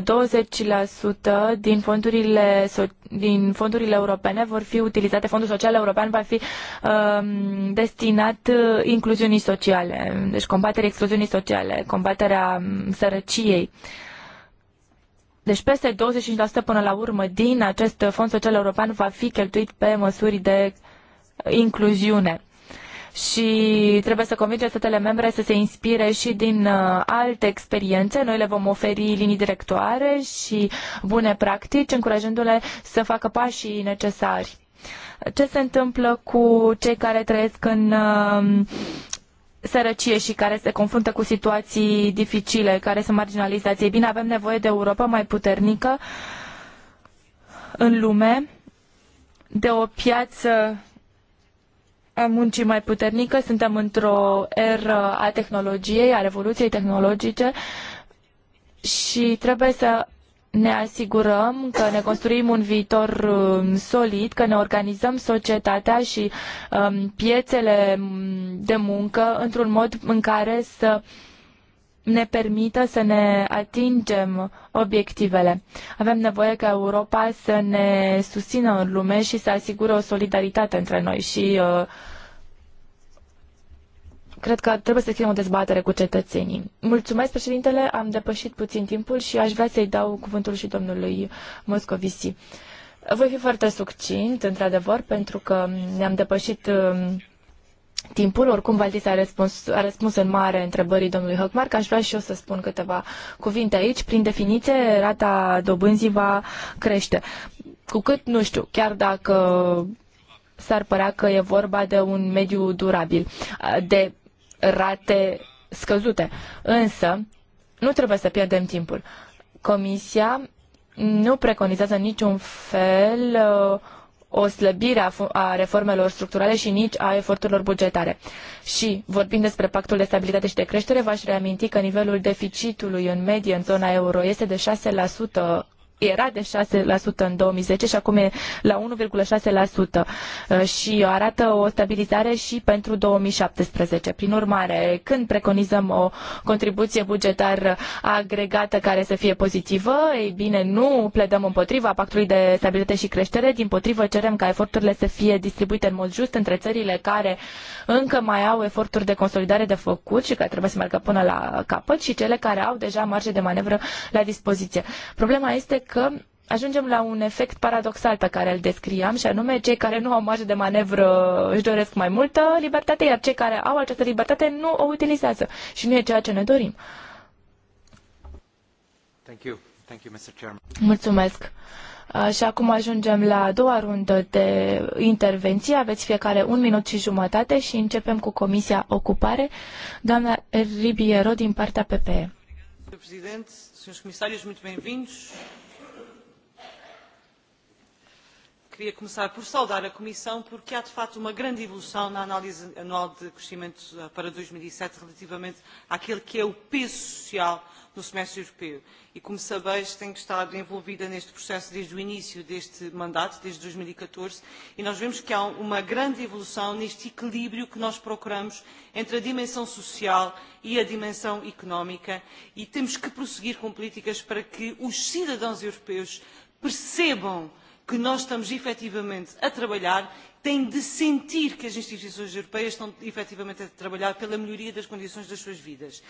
din fondurile, din fondurile europene vor fi utilizate, Fondul Social European va fi um, destinat incluziunii sociale, deci combaterea excluziunii sociale, combaterea um, sărăciei. Deci peste 25% până la urmă din acest fond social european va fi cheltuit pe măsuri de incluziune și trebuie să convingem statele membre să se inspire și din uh, alte experiențe. Noi le vom oferi linii directoare și bune practici, încurajându-le să facă pașii necesari. Ce se întâmplă cu cei care trăiesc în um, sărăcie și care se confruntă cu situații dificile, care sunt marginalizați? Ei bine, avem nevoie de Europa mai puternică în lume, de o piață muncii mai puternică, suntem într-o eră a tehnologiei, a revoluției tehnologice și trebuie să ne asigurăm că ne construim un viitor um, solid, că ne organizăm societatea și um, piețele um, de muncă într-un mod în care să uh, ne permită să ne atingem obiectivele. Avem nevoie ca Europa să ne susțină în lume și să asigure o solidaritate între noi și uh, cred că trebuie să fie o dezbatere cu cetățenii. Mulțumesc, președintele, am depășit puțin timpul și aș vrea să-i dau cuvântul și domnului Moscovici. Voi fi foarte succint, într-adevăr, pentru că ne-am depășit uh, timpul. Oricum, Valdis a răspuns, a răspuns în mare întrebării domnului că Aș vrea și eu să spun câteva cuvinte aici. Prin definiție, rata dobânzii va crește. Cu cât, nu știu, chiar dacă s-ar părea că e vorba de un mediu durabil, de rate scăzute. Însă, nu trebuie să pierdem timpul. Comisia nu preconizează niciun fel uh, o slăbire a, reformelor structurale și nici a eforturilor bugetare. Și, vorbind despre pactul de stabilitate și de creștere, v-aș reaminti că nivelul deficitului în medie în zona euro este de 6% era de 6% în 2010 și acum e la 1,6% uh, și arată o stabilizare și pentru 2017. Prin urmare, când preconizăm o contribuție bugetară agregată care să fie pozitivă, ei bine, nu pledăm împotriva pactului de stabilitate și creștere, din potrivă cerem ca eforturile să fie distribuite în mod just între țările care încă mai au eforturi de consolidare de făcut și care trebuie să meargă până la capăt și cele care au deja marge de manevră la dispoziție. Problema este că ajungem la un efect paradoxal pe care îl descriam și anume cei care nu au marjă de manevră își doresc mai multă libertate, iar cei care au această libertate nu o utilizează și nu e ceea ce ne dorim. Thank you. Thank you, Mr. Chairman. Mulțumesc. Și acum ajungem la a doua rundă de intervenție. Aveți fiecare un minut și jumătate și începem cu Comisia Ocupare. Doamna Ribiero din partea PPE. Președinte, senhores Comisarii, muito queria começar por saudar a Comissão, porque há de facto uma grande evolução na análise anual de crescimento eh, para 2007 relativamente àquele que é o peso social no semestre europeu. E, como sabeis, tenho estado envolvida neste processo desde o início deste mandato, desde 2014, e nós vemos que há um, uma grande evolução neste equilíbrio que nós procuramos entre a dimensão social e a dimensão económica, e temos que prosseguir com políticas para que os cidadãos europeus percebam uh, que nós estamos efetivamente a trabalhar têm de sentir que as instituições europeias estão efetivamente a trabalhar pela melhoria das condições das suas vidas.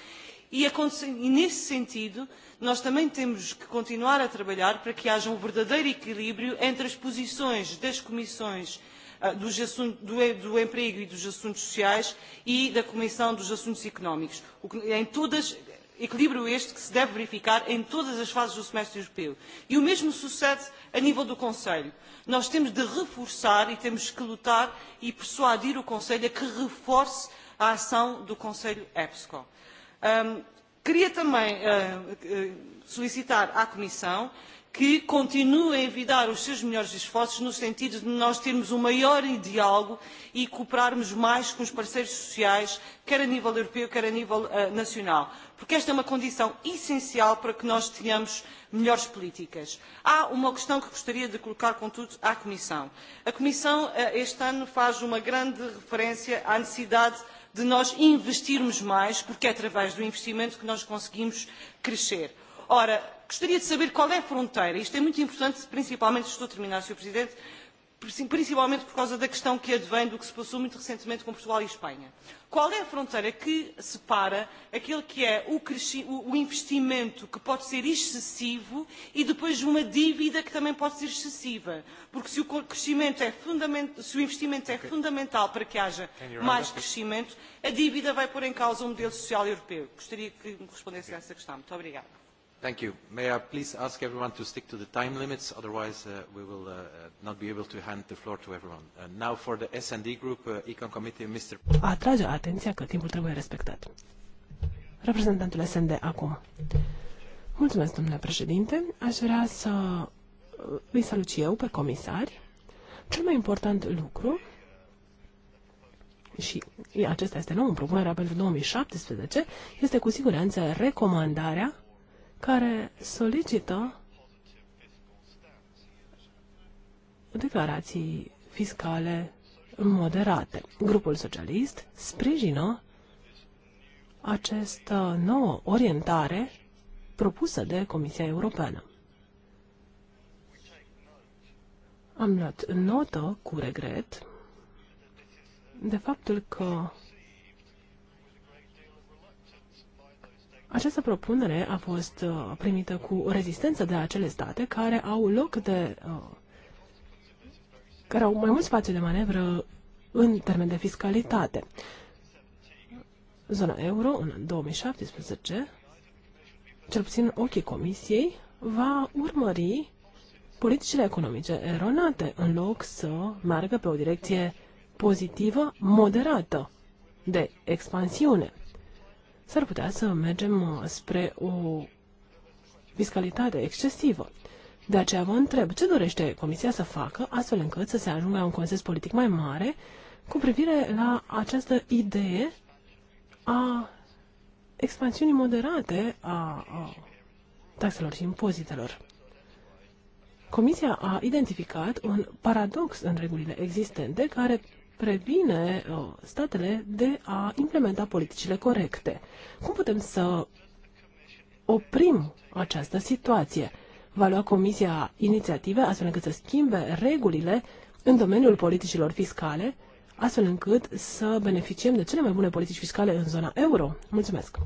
E, e nesse sentido, nós também temos que continuar a trabalhar para que haja um verdadeiro equilíbrio entre as posições das comissões ah, dos assuntos, do, do emprego e dos assuntos sociais e da Comissão dos Assuntos Económicos. O que, em todas, equilíbrio este que se deve verificar em todas as fases do semestre europeu. E o mesmo sucede a nível do Conselho. Nós temos de reforçar e temos que lutar e persuadir o Conselho a que reforce a ação do Conselho EPSCO. Um, queria também uh, solicitar à Comissão que continue a envidar os seus melhores esforços no sentido de nós termos um maior diálogo e cooperarmos mais com os parceiros sociais, quer a nível europeu, quer a nível uh, nacional porque esta é uma condição essencial para que nós tenhamos melhores políticas. Há uma questão que gostaria de colocar, contudo, à Comissão. A Comissão, eh, este ano, faz uma grande referência à necessidade de nós investirmos mais, porque é através do investimento que nós conseguimos crescer. Ora, gostaria de saber qual é a fronteira, isto é muito importante, principalmente, estou a terminar, Sr. Presidente, principalmente por causa da questão que advém do que se passou muito recentemente com Portugal e Espanha. Qual é a fronteira que separa aquele que é o, o investimento que pode ser excessivo e depois uma dívida que também pode ser excessiva? Porque se o, crescimento é se o investimento é okay. fundamental para que haja mais crescimento, a dívida vai pôr em causa o um modelo social europeu. Gostaria que me respondesse a essa questão. Muito obrigada. Thank you. May I please ask everyone to stick to the time limits, otherwise uh, we will uh, uh not be able to hand the floor to everyone. Uh, now for the S&D Group, uh, Econ Committee, Mr. Atrage atenția că timpul trebuie respectat. Reprezentantul SND acum. Mulțumesc, domnule președinte. Aș vrea să uh, îi salut și eu pe comisari. Cel mai important lucru, și acesta este nou în propunerea pentru 2017, este cu siguranță recomandarea care solicită declarații fiscale moderate. Grupul socialist sprijină această nouă orientare propusă de Comisia Europeană. Am luat notă cu regret de faptul că Această propunere a fost uh, primită cu rezistență de acele state care au loc de uh, care au mai mult spațiu de manevră în termen de fiscalitate. Zona euro în 2017, cel puțin ochii Comisiei, va urmări politicile economice eronate în loc să meargă pe o direcție pozitivă, moderată, de expansiune s-ar putea să mergem uh, spre o fiscalitate excesivă. De aceea vă întreb, ce dorește Comisia să facă astfel încât să se ajungă la un consens politic mai mare cu privire la această idee a expansiunii moderate a, a taxelor și impozitelor? Comisia a identificat un paradox în regulile existente care previne uh, statele de a implementa politicile corecte. Cum putem să oprim această situație? Va lua Comisia inițiative astfel încât să schimbe regulile în domeniul politicilor fiscale, astfel încât să beneficiem de cele mai bune politici fiscale în zona euro. Mulțumesc!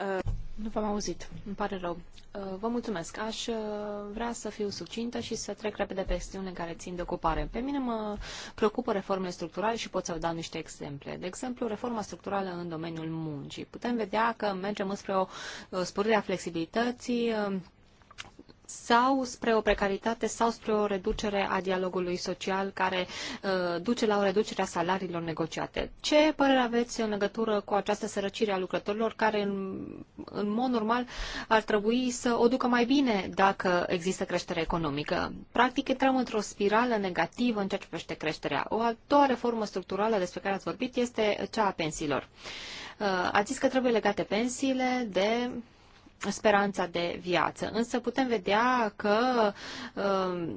Uh, nu v-am auzit, îmi pare rău. Uh, vă mulțumesc. Aș uh, vrea să fiu succintă și să trec repede pe chestiunile care țin de ocupare. Pe mine mă preocupă reformele structurale și pot să vă dau niște exemple. De exemplu, reforma structurală în domeniul muncii. Putem vedea că mergem spre o sporire a flexibilității, uh, sau spre o precaritate sau spre o reducere a dialogului social care uh, duce la o reducere a salariilor negociate. Ce părere aveți în legătură cu această sărăcire a lucrătorilor care în, în mod normal ar trebui să o ducă mai bine dacă există creștere economică? Practic intrăm într-o spirală negativă în ceea ce privește creșterea. O a doua reformă structurală despre care ați vorbit este cea a pensiilor. Uh, ați zis că trebuie legate pensiile de speranța de viață. Însă putem vedea că um,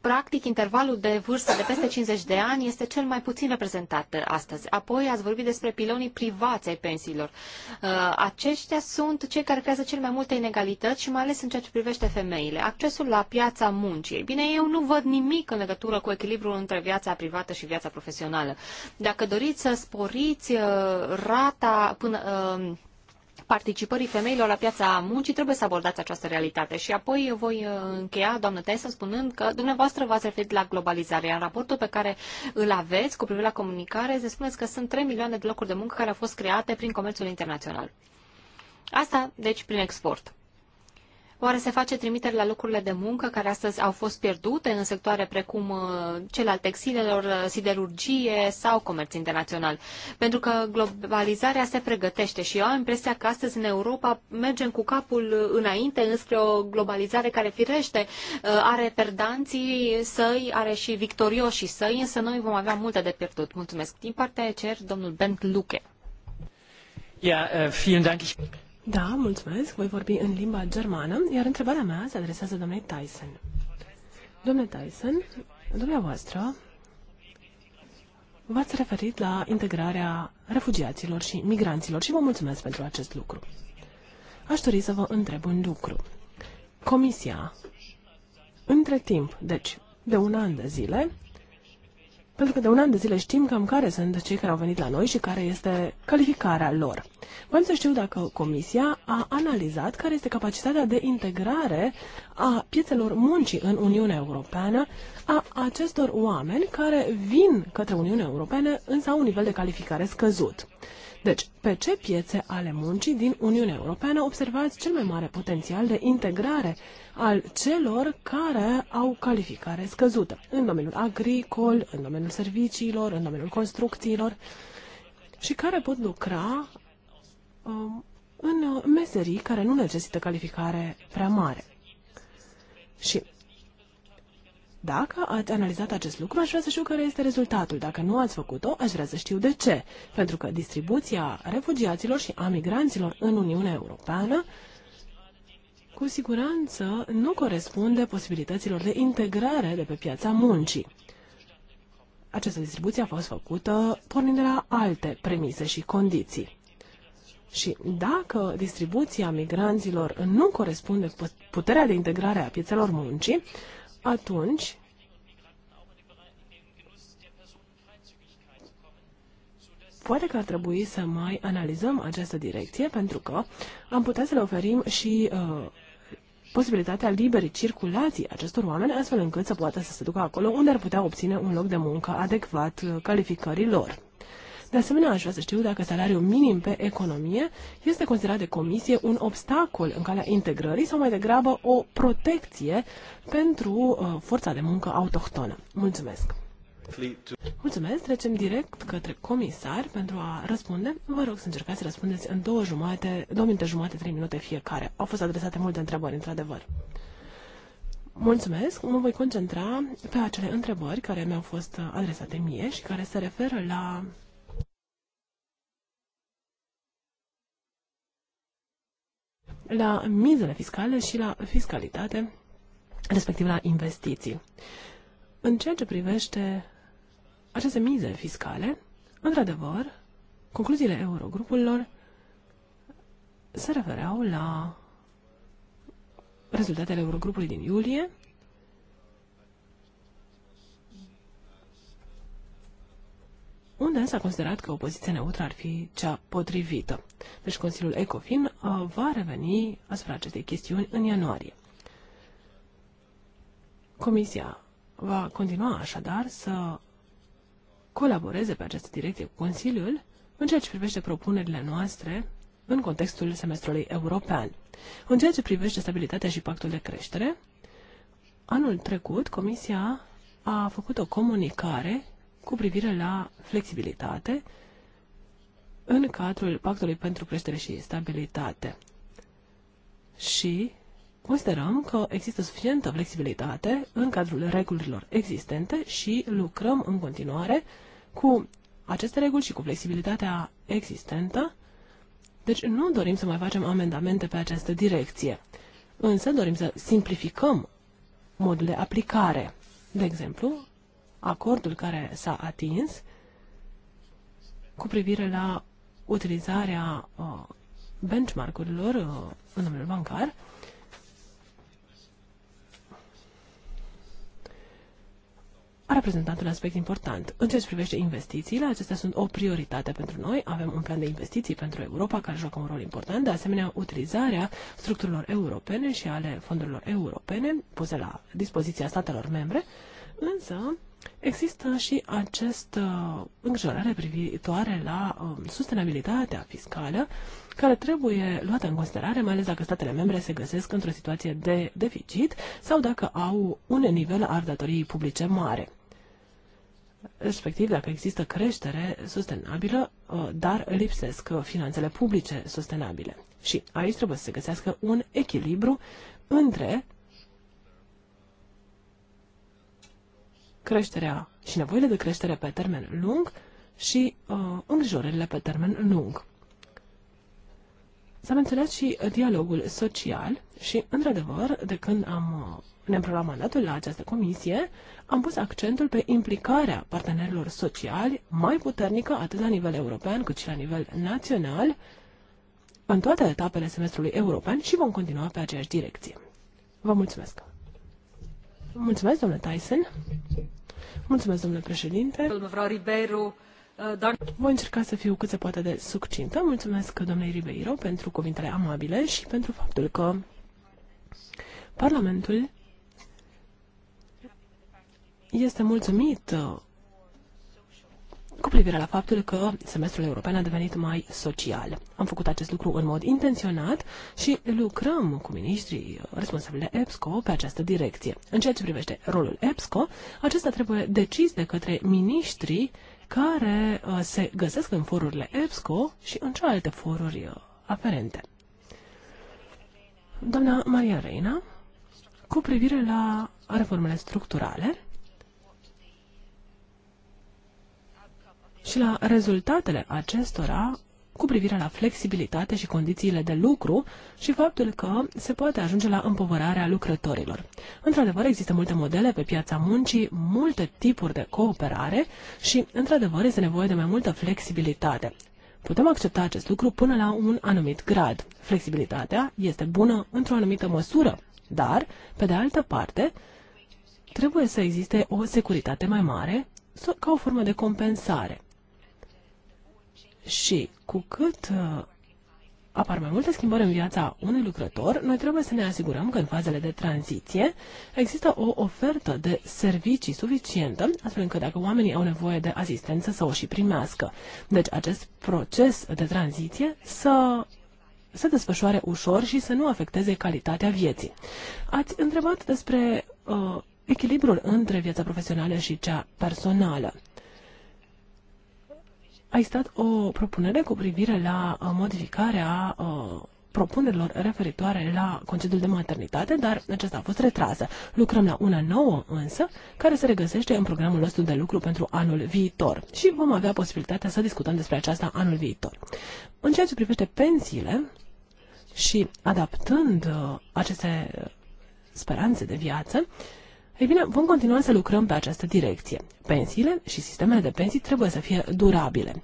practic intervalul de vârstă de peste 50 de ani este cel mai puțin reprezentat astăzi. Apoi ați vorbit despre pilonii privați ai pensiilor. Uh, aceștia sunt cei care creează cel mai multe inegalități și mai ales în ceea ce privește femeile. Accesul la piața muncii. Bine, eu nu văd nimic în legătură cu echilibrul între viața privată și viața profesională. Dacă doriți să sporiți uh, rata până uh, participării femeilor la piața muncii, trebuie să abordați această realitate. Și apoi voi uh, încheia, doamnă Tyson, spunând că dumneavoastră v-ați referit la globalizare. în raportul pe care îl aveți cu privire la comunicare, se spuneți că sunt 3 milioane de locuri de muncă care au fost create prin comerțul internațional. Asta, deci, prin export. Oare se face trimitere la locurile de muncă care astăzi au fost pierdute în sectoare precum uh, cel al textilelor, uh, siderurgie sau comerț internațional? Pentru că globalizarea se pregătește și eu am impresia că astăzi în Europa mergem cu capul înainte înspre o globalizare care firește uh, are perdanții săi, are și victorioșii săi, însă noi vom avea multe de pierdut. Mulțumesc. Din partea cer, domnul Bent Luke. Ja, yeah, uh, vielen Dank. Ich da, mulțumesc. Voi vorbi în limba germană, iar întrebarea mea se adresează domnului Tyson. Domnule Tyson, dumneavoastră v-ați referit la integrarea refugiaților și migranților și vă mulțumesc pentru acest lucru. Aș dori să vă întreb un lucru. Comisia, între timp, deci de un an de zile, pentru că de un an de zile știm cam care sunt cei care au venit la noi și care este calificarea lor. Vreau să știu dacă Comisia a analizat care este capacitatea de integrare a piețelor muncii în Uniunea Europeană a acestor oameni care vin către Uniunea Europeană, însă au un nivel de calificare scăzut. Deci, pe ce piețe ale muncii din Uniunea Europeană observați cel mai mare potențial de integrare al celor care au calificare scăzută? În domeniul agricol, în domeniul serviciilor, în domeniul construcțiilor și care pot lucra um, în meserii care nu necesită calificare prea mare. Și dacă ați analizat acest lucru, aș vrea să știu care este rezultatul. Dacă nu ați făcut-o, aș vrea să știu de ce. Pentru că distribuția refugiaților și a migranților în Uniunea Europeană cu siguranță nu corespunde posibilităților de integrare de pe piața muncii. Această distribuție a fost făcută pornind de la alte premise și condiții. Și dacă distribuția migranților nu corespunde puterea de integrare a piețelor muncii, atunci poate că ar trebui să mai analizăm această direcție pentru că am putea să le oferim și uh, posibilitatea liberii circulații acestor oameni, astfel încât să poată să se ducă acolo unde ar putea obține un loc de muncă adecvat calificării lor. De asemenea, aș vrea să știu dacă salariul minim pe economie este considerat de comisie un obstacol în calea integrării sau mai degrabă o protecție pentru uh, forța de muncă autohtonă. Mulțumesc! Mulțumesc, trecem direct către comisar pentru a răspunde. Vă rog să încercați să răspundeți în două, jumate, două minute jumate, trei minute fiecare. Au fost adresate multe întrebări, într-adevăr. Mulțumesc, mă voi concentra pe acele întrebări care mi-au fost uh, adresate mie și care se referă la la mizele fiscale și la fiscalitate, respectiv la investiții. În ceea ce privește aceste mize fiscale, într-adevăr, concluziile Eurogrupurilor se refereau la rezultatele Eurogrupului din iulie unde s-a considerat că o poziție neutră ar fi cea potrivită. Deci Consiliul ECOFIN uh, va reveni asupra acestei chestiuni în ianuarie. Comisia va continua așadar să colaboreze pe această direcție cu Consiliul în ceea ce privește propunerile noastre în contextul semestrului european. În ceea ce privește stabilitatea și pactul de creștere, anul trecut Comisia a făcut o comunicare cu privire la flexibilitate în cadrul Pactului pentru Creștere și Stabilitate. Și considerăm că există suficientă flexibilitate în cadrul regulilor existente și lucrăm în continuare cu aceste reguli și cu flexibilitatea existentă. Deci nu dorim să mai facem amendamente pe această direcție, însă dorim să simplificăm modul de aplicare. De exemplu, acordul care s-a atins cu privire la utilizarea uh, benchmark-urilor uh, în domeniul bancar. a reprezentat un aspect important. În ceea ce privește investițiile, acestea sunt o prioritate pentru noi. Avem un plan de investiții pentru Europa care joacă un rol important. De asemenea, utilizarea structurilor europene și ale fondurilor europene puse la dispoziția statelor membre. Însă, Există și această uh, îngrijorare privitoare la uh, sustenabilitatea fiscală care trebuie luată în considerare, mai ales dacă statele membre se găsesc într-o situație de deficit sau dacă au un nivel al datoriei publice mare. Respectiv, dacă există creștere sustenabilă, uh, dar lipsesc finanțele publice sustenabile. Și aici trebuie să se găsească un echilibru între creșterea și nevoile de creștere pe termen lung și uh, îngrijorările pe termen lung. S-a menționat și dialogul social și, într-adevăr, de când am, uh, ne-am preluat mandatul la această comisie, am pus accentul pe implicarea partenerilor sociali mai puternică atât la nivel european cât și la nivel național în toate etapele semestrului european și vom continua pe aceeași direcție. Vă mulțumesc! Mulțumesc, domnule Tyson. Mulțumesc, domnule președinte. Uh, Voi încerca să fiu cât se poate de succintă. Mulțumesc, domnului Ribeiro, pentru cuvintele amabile și pentru faptul că Parlamentul este mulțumit uh, cu privire la faptul că semestrul european a devenit mai social. Am făcut acest lucru în mod intenționat și lucrăm cu ministrii responsabili de EPSCO pe această direcție. În ceea ce privește rolul EPSCO, acesta trebuie decis de către ministrii care uh, se găsesc în forurile EPSCO și în cealaltă foruri uh, aferente. Doamna Maria Reina, cu privire la reformele structurale, și la rezultatele acestora cu privire la flexibilitate și condițiile de lucru și faptul că se poate ajunge la împovărarea lucrătorilor. Într-adevăr, există multe modele pe piața muncii, multe tipuri de cooperare și, într-adevăr, este nevoie de mai multă flexibilitate. Putem accepta acest lucru până la un anumit grad. Flexibilitatea este bună într-o anumită măsură, dar, pe de altă parte, trebuie să existe o securitate mai mare ca o formă de compensare. Și cu cât uh, apar mai multe schimbări în viața unui lucrător, noi trebuie să ne asigurăm că în fazele de tranziție există o ofertă de servicii suficientă, astfel încât dacă oamenii au nevoie de asistență să o și primească. Deci acest proces de tranziție să se desfășoare ușor și să nu afecteze calitatea vieții. Ați întrebat despre uh, echilibrul între viața profesională și cea personală a existat o propunere cu privire la uh, modificarea uh, propunerilor referitoare la concediul de maternitate, dar acesta a fost retrasă. Lucrăm la una nouă însă, care se regăsește în programul nostru de lucru pentru anul viitor și vom avea posibilitatea să discutăm despre aceasta anul viitor. În ceea ce privește pensiile și adaptând uh, aceste speranțe de viață, uh, ei bine, vom continua să lucrăm pe această direcție. Pensiile și sistemele de pensii trebuie să fie durabile.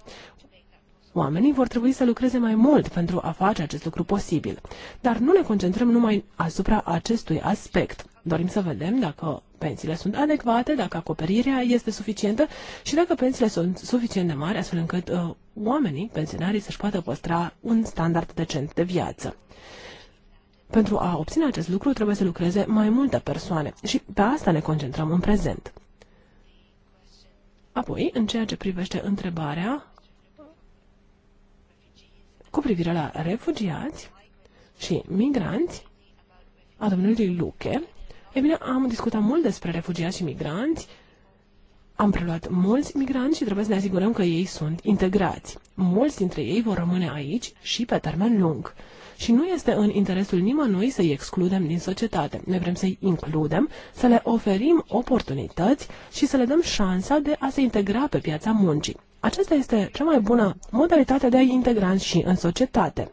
Oamenii vor trebui să lucreze mai mult pentru a face acest lucru posibil. Dar nu ne concentrăm numai asupra acestui aspect. Dorim să vedem dacă pensiile sunt adecvate, dacă acoperirea este suficientă și dacă pensiile sunt suficient de mari, astfel încât uh, oamenii, pensionarii, să-și poată păstra un standard decent de viață. Pentru a obține acest lucru trebuie să lucreze mai multe persoane și pe asta ne concentrăm în prezent. Apoi, în ceea ce privește întrebarea cu privire la refugiați și migranți a domnului Luche, e bine, am discutat mult despre refugiați și migranți, am preluat mulți migranți și trebuie să ne asigurăm că ei sunt integrați. Mulți dintre ei vor rămâne aici și pe termen lung și nu este în interesul nimănui să-i excludem din societate. Ne vrem să-i includem, să le oferim oportunități și să le dăm șansa de a se integra pe piața muncii. Aceasta este cea mai bună modalitate de a-i integra și în societate.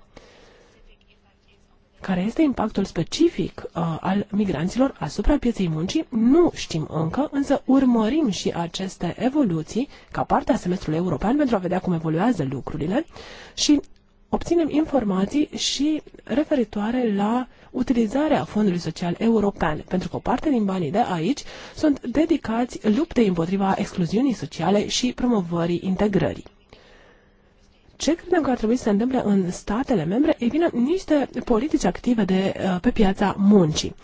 Care este impactul specific uh, al migranților asupra pieței muncii, nu știm încă, însă urmărim și aceste evoluții ca parte a semestrului european pentru a vedea cum evoluează lucrurile și obținem informații și referitoare la utilizarea Fondului Social European, pentru că o parte din banii de aici sunt dedicați luptei împotriva excluziunii sociale și promovării integrării. Ce credem că ar trebui să se întâmple în statele membre? Ei bine, niște politici active de, uh, pe piața muncii.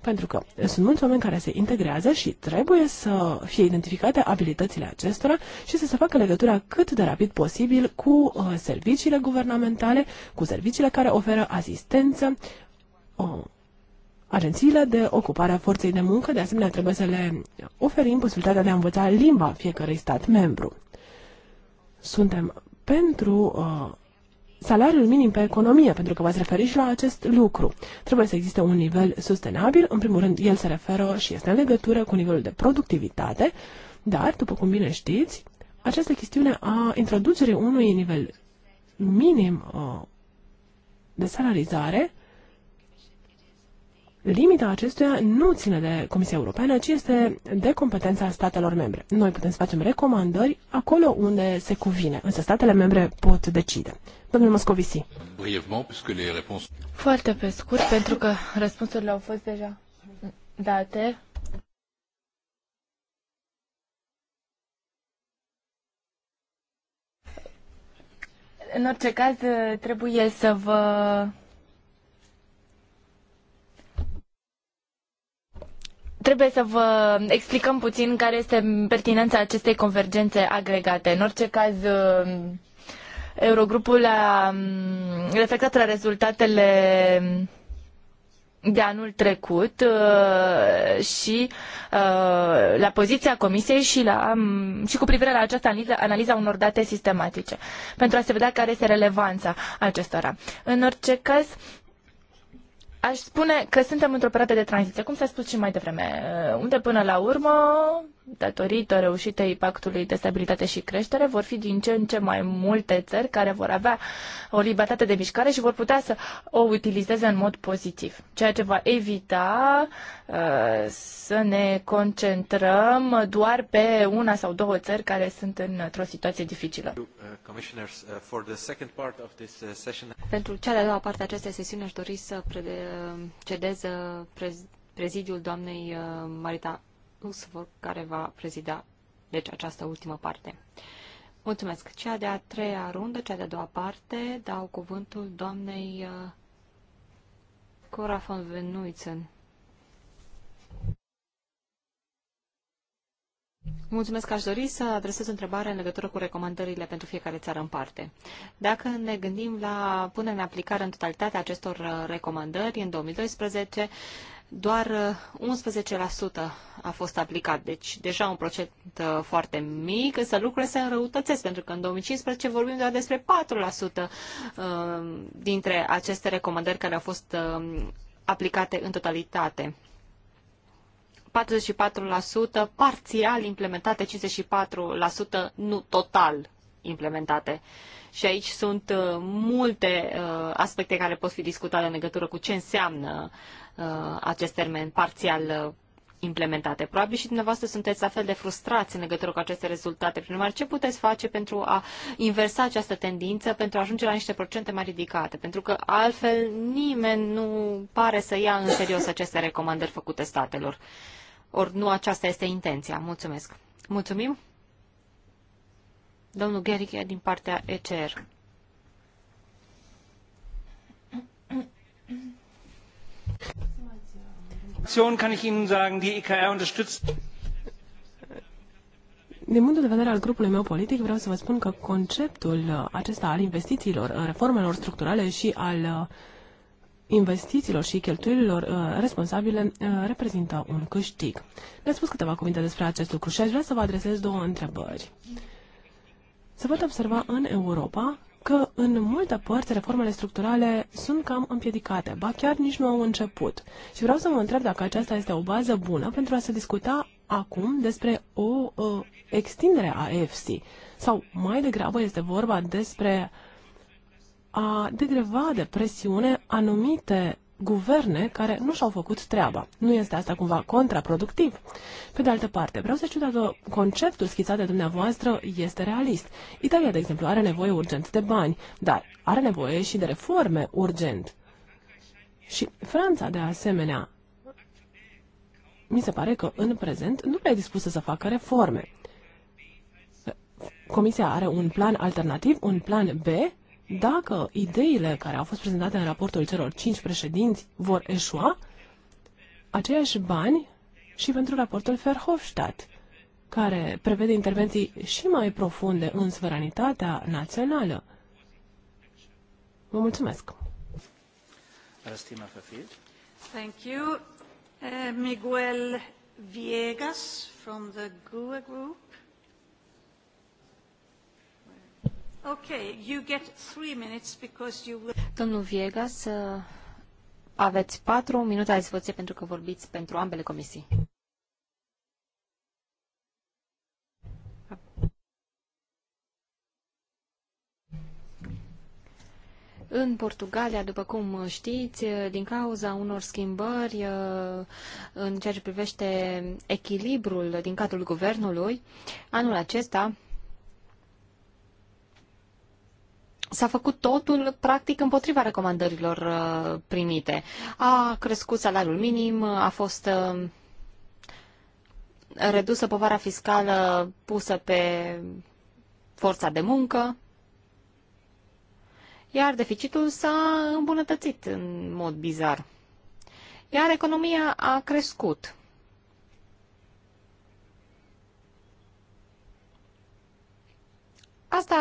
Pentru că sunt mulți oameni care se integrează și trebuie să fie identificate abilitățile acestora și să se facă legătura cât de rapid posibil cu uh, serviciile guvernamentale, cu serviciile care oferă asistență, uh, Agențiile de ocupare a forței de muncă, de asemenea, trebuie să le oferim posibilitatea de a învăța limba fiecărui stat membru. Suntem pentru uh, salariul minim pe economie, pentru că v-ați referit și la acest lucru. Trebuie să existe un nivel sustenabil. În primul rând, el se referă și este în legătură cu nivelul de productivitate, dar, după cum bine știți, această chestiune a introducerii unui nivel minim uh, de salarizare limita acestuia nu ține de Comisia Europeană, ci este de competența statelor membre. Noi putem să facem recomandări acolo unde se cuvine, însă statele membre pot decide. Domnul Moscovici. Foarte pe scurt, pentru că răspunsurile au fost deja date. În orice caz, trebuie să vă trebuie să vă explicăm puțin care este pertinența acestei convergențe agregate. În orice caz, uh, Eurogrupul a mm, reflectat la rezultatele de anul trecut uh, și uh, la poziția Comisiei și, la, mm, și cu privire la această analiză, analiza unor date sistematice, pentru a se vedea care este relevanța acestora. În orice caz, Aș spune că suntem într-o perioadă de tranziție, cum s-a spus și mai devreme, uh, unde până la urmă datorită reușitei pactului de stabilitate și creștere, vor fi din ce în ce mai multe țări care vor avea o libertate de mișcare și vor putea să o utilizeze în mod pozitiv, ceea ce va evita uh, să ne concentrăm doar pe una sau două țări care sunt într-o situație dificilă. Uh, uh, uh, Pentru cea de-a doua parte a acestei sesiuni aș dori să cedez prezidiul doamnei Marita care va prezida deci această ultimă parte. Mulțumesc. Cea de-a treia rundă, cea de-a doua parte, dau cuvântul doamnei uh, Cora von Venuitzen. Mulțumesc, că aș dori să adresez o întrebare în legătură cu recomandările pentru fiecare țară în parte. Dacă ne gândim la punerea în aplicare în totalitate acestor uh, recomandări în 2012, doar 11% uh, a fost aplicat, deci deja un procent uh, foarte mic, însă lucrurile se înrăutățesc, pentru că în 2015 vorbim doar despre 4% uh, dintre aceste recomandări care au fost aplicate în totalitate. 44% parțial implementate, 54% nu total implementate. Și aici sunt multe aspecte care pot fi discutate în legătură cu ce înseamnă Uh, acest termen parțial uh, implementate. Probabil și dumneavoastră sunteți la fel de frustrați în legătură cu aceste rezultate. Prin urmare, ce puteți face pentru a inversa această tendință, pentru a ajunge la niște procente mai ridicate? Pentru că altfel nimeni nu pare să ia în serios aceste recomandări făcute statelor. Ori nu aceasta este intenția. Mulțumesc. Mulțumim. Domnul Gheric din partea ECR. Fraktion kann ich Ihnen sagen, die EKR unterstützt. Din punctul de vedere al grupului meu politic, vreau să vă spun că conceptul uh, acesta al investițiilor, uh, reformelor structurale și al uh, investițiilor și cheltuielilor responsabile reprezintă un câștig. le am spus câteva cuvinte despre acest lucru și aș vrea să vă adresez două întrebări. Se pot observa în Europa că în multe părți reformele structurale sunt cam împiedicate, ba chiar nici nu au început. Și vreau să mă întreb dacă aceasta este o bază bună pentru a se discuta acum despre o uh, extindere a EFSI sau mai degrabă este vorba despre a degreva de presiune anumite guverne care nu și-au făcut treaba. Nu este asta cumva contraproductiv? Pe de altă parte, vreau să știu dacă conceptul schițat de dumneavoastră este realist. Italia, de exemplu, are nevoie urgent de bani, dar are nevoie și de reforme urgent. Și Franța, de asemenea, mi se pare că în prezent nu prea e dispusă să facă reforme. Comisia are un plan alternativ, un plan B, dacă ideile care au fost prezentate în raportul celor cinci președinți vor eșua, aceiași bani și pentru raportul Verhofstadt, care prevede intervenții și mai profunde în suveranitatea națională. Vă mulțumesc! Thank you. Uh, Miguel Viegas from the GUE Group. Okay, you get three minutes because you will... Domnul Viegas, aveți patru minute ați voție pentru că vorbiți pentru ambele comisii. În Portugalia, după cum știți, din cauza unor schimbări în ceea ce privește echilibrul din cadrul guvernului, anul acesta S-a făcut totul practic împotriva recomandărilor uh, primite. A crescut salariul minim, a fost uh, redusă povara fiscală pusă pe forța de muncă, iar deficitul s-a îmbunătățit în mod bizar. Iar economia a crescut. Asta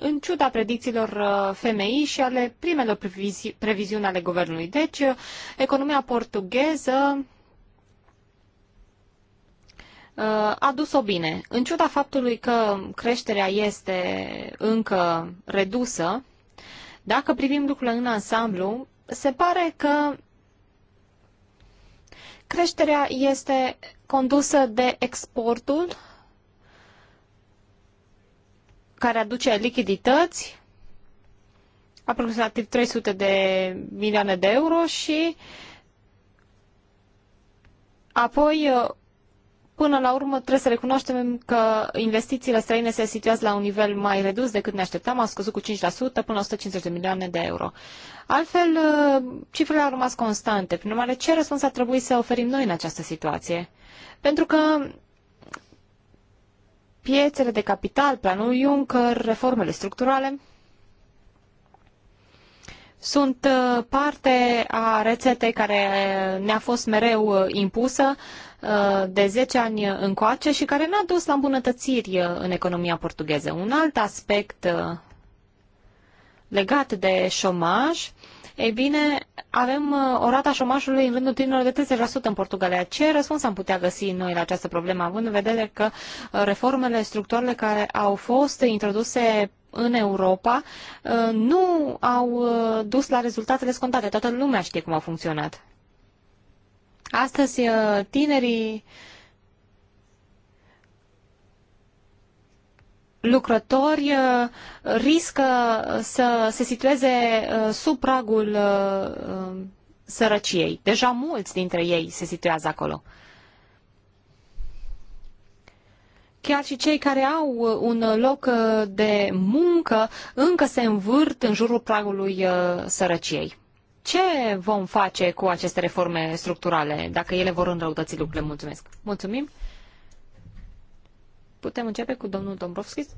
în ciuda predicțiilor uh, FMI și ale primelor previzi- previziuni ale guvernului. Deci, uh, economia portugheză uh, a dus-o bine. În ciuda faptului că creșterea este încă redusă, dacă privim lucrurile în ansamblu, se pare că creșterea este condusă de exportul care aduce lichidități, aproximativ 300 de milioane de euro și apoi până la urmă trebuie să recunoaștem că investițiile străine se situează la un nivel mai redus decât ne așteptam, a scăzut cu 5% până la 150 de milioane de euro. Altfel, cifrele au rămas constante. Prin urmare, ce răspuns ar trebui să oferim noi în această situație? Pentru că piețele de capital, planul Juncker, reformele structurale sunt uh, parte a rețetei care ne-a fost mereu uh, impusă uh, de 10 ani încoace și care n-a dus la îmbunătățiri în economia portugheză. Un alt aspect legat de șomaj ei bine, avem uh, o rata șomașului în rândul tinerilor de 30% în Portugalia. Ce răspuns am putea găsi noi la această problemă, având în vedere că uh, reformele structurale care au fost introduse în Europa uh, nu au dus la rezultatele scontate. Toată lumea știe cum a funcționat. Astăzi, tinerii lucrători uh, riscă să se situeze uh, sub pragul uh, sărăciei. Deja mulți dintre ei se situează acolo. Chiar și cei care au un loc de muncă încă se învârt în jurul pragului sărăciei. Ce vom face cu aceste reforme structurale, dacă ele vor înrăutăți lucrurile? Mulțumesc! Mulțumim! Putem începe cu domnul Dombrovskis?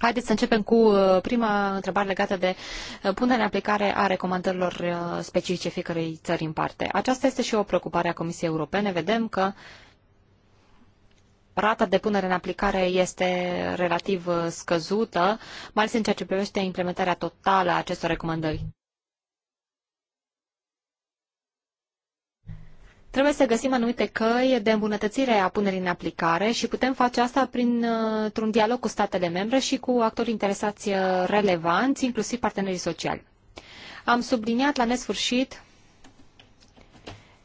Haideți să începem cu uh, prima întrebare legată de uh, punerea în aplicare a recomandărilor uh, specifice fiecărei țări în parte. Aceasta este și o preocupare a Comisiei Europene. Vedem că rata de punere în aplicare este relativ scăzută, mai ales în ceea ce privește implementarea totală a acestor recomandări. Trebuie să găsim anumite căi de îmbunătățire a punerii în aplicare și putem face asta printr-un uh, dialog cu statele membre și cu actori interesați uh, relevanți, inclusiv partenerii sociali. Am subliniat la nesfârșit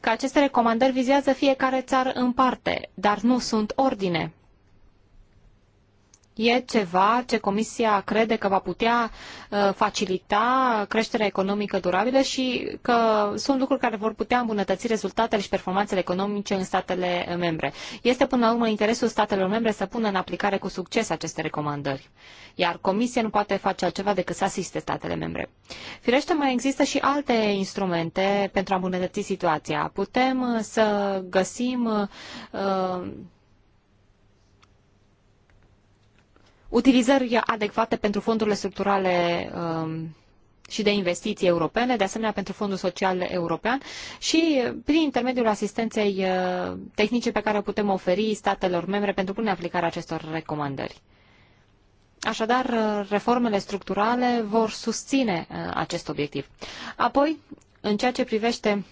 că aceste recomandări vizează fiecare țară în parte, dar nu sunt ordine. E ceva ce Comisia crede că va putea uh, facilita creșterea economică durabilă și că sunt lucruri care vor putea îmbunătăți rezultatele și performanțele economice în statele membre. Este până la urmă interesul statelor membre să pună în aplicare cu succes aceste recomandări. Iar Comisia nu poate face altceva decât să asiste statele membre. Firește, mai există și alte instrumente pentru a îmbunătăți situația. Putem uh, să găsim uh, utilizări adecvate pentru fondurile structurale um, și de investiții europene, de asemenea pentru Fondul Social European și prin intermediul asistenței uh, tehnice pe care o putem oferi statelor membre pentru punerea aplicarea acestor recomandări. Așadar, uh, reformele structurale vor susține uh, acest obiectiv. Apoi, în ceea ce privește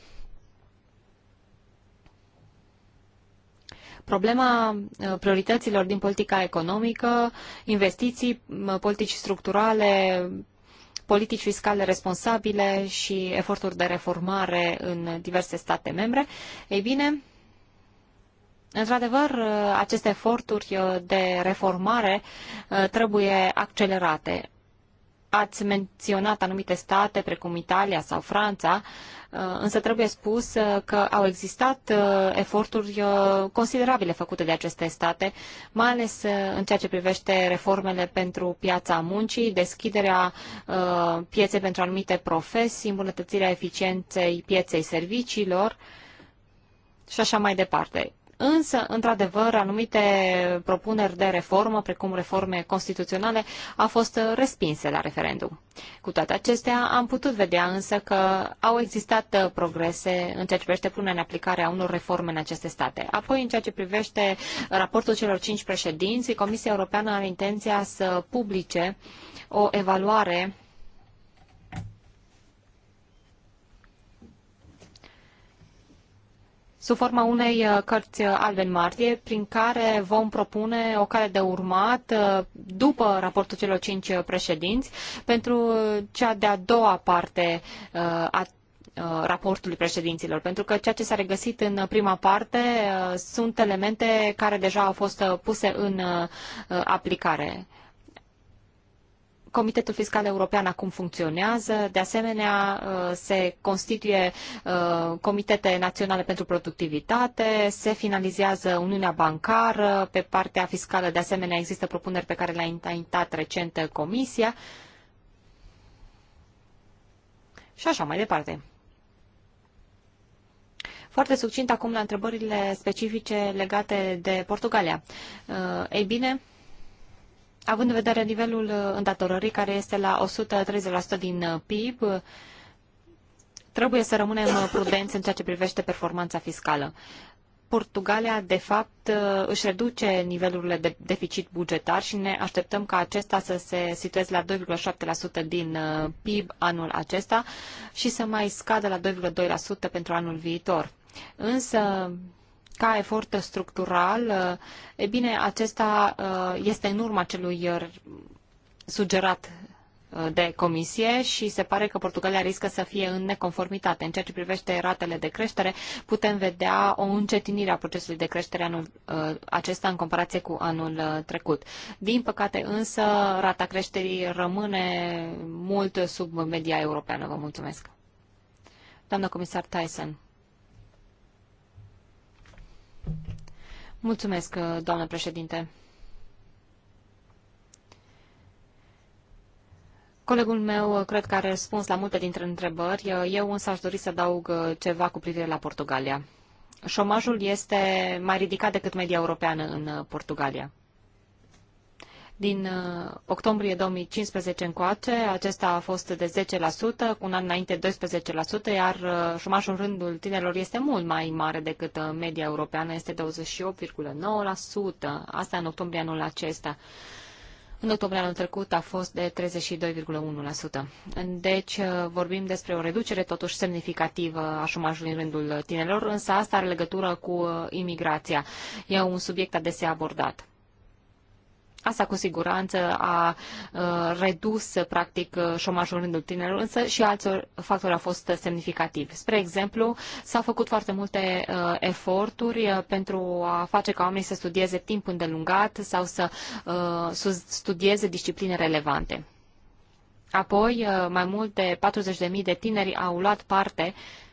Problema uh, priorităților din politica economică, investiții, uh, politici structurale, politici fiscale responsabile și eforturi de reformare în diverse state membre, ei bine, Într-adevăr, uh, aceste eforturi de reformare trebuie accelerate. Ați menționat anumite state, precum Italia sau Franța, uh, însă trebuie spus uh, că au existat uh, eforturi considerabile făcute de aceste state, mai ales în ceea ce privește reformele pentru piața muncii, deschiderea pieței pentru anumite profesii, îmbunătățirea eficienței pieței serviciilor și așa mai departe însă, într-adevăr, anumite propuneri de reformă, precum reforme constituționale, au fost respinse la referendum. Cu toate acestea, am putut vedea însă că au existat progrese în ceea ce privește punerea în aplicare a unor reforme în aceste state. Apoi, în ceea ce privește raportul celor cinci președinți, Comisia Europeană are intenția să publice o evaluare sub forma unei uh, cărți uh, albe în martie, prin care vom propune o cale de urmat uh, după raportul celor cinci președinți pentru cea de-a doua parte a raportului președinților, pentru că ceea ce s-a regăsit în prima parte sunt elemente care deja au fost puse în aplicare. Comitetul Fiscal European acum funcționează, de asemenea uh, se constituie uh, comitete naționale pentru productivitate, se finalizează Uniunea Bancară, pe partea fiscală de asemenea există propuneri pe care le-a înaintat recent Comisia și așa mai departe. Foarte succint acum la întrebările specifice legate de Portugalia. Uh, ei bine, având în vedere nivelul uh, îndatorării care este la 130% din uh, PIB, uh, trebuie să rămânem prudenți în ceea ce privește performanța fiscală. Portugalia, de fapt, își reduce nivelurile de deficit bugetar și ne așteptăm ca acesta să se situeze la 2,7% din PIB anul acesta și să mai scadă la 2,2% pentru anul viitor. Însă, ca efort structural, e bine, acesta uh, este în urma celui uh, sugerat uh, de comisie și se pare că Portugalia riscă să fie în neconformitate. În ceea ce privește ratele de creștere, putem vedea o încetinire a procesului de creștere anul acesta în comparație cu anul trecut. Din păcate însă, rata creșterii rămâne mult sub media europeană. Vă mulțumesc. Doamna comisar Tyson. Mulțumesc, uh, doamnă președinte. Colegul meu uh, cred că a răspuns la multe dintre întrebări. Uh, eu însă aș dori să adaug ceva cu privire la Portugalia. Șomajul este mai ridicat decât media europeană în Portugalia. Din uh, octombrie 2015 încoace, acesta a fost de 10%, cu un an înainte 12%, iar uh, șomajul în rândul tinerilor este mult mai mare decât uh, media europeană, este 28,9%, asta în octombrie anul acesta. În octombrie anul trecut a fost de 32,1%. Deci vorbim despre o reducere totuși semnificativă a șomajului în rândul tinerilor, însă asta are legătură cu imigrația. E un subiect adesea abordat. Asta cu siguranță a uh, redus, practic, uh, șomajul în rândul tinerilor, însă și alți factori au fost semnificativi. Spre exemplu, s-au făcut foarte multe uh, eforturi pentru a face ca oamenii să studieze timp îndelungat sau să studieze discipline relevante. Apoi, mai mult de 40.000 de tineri au luat parte uh,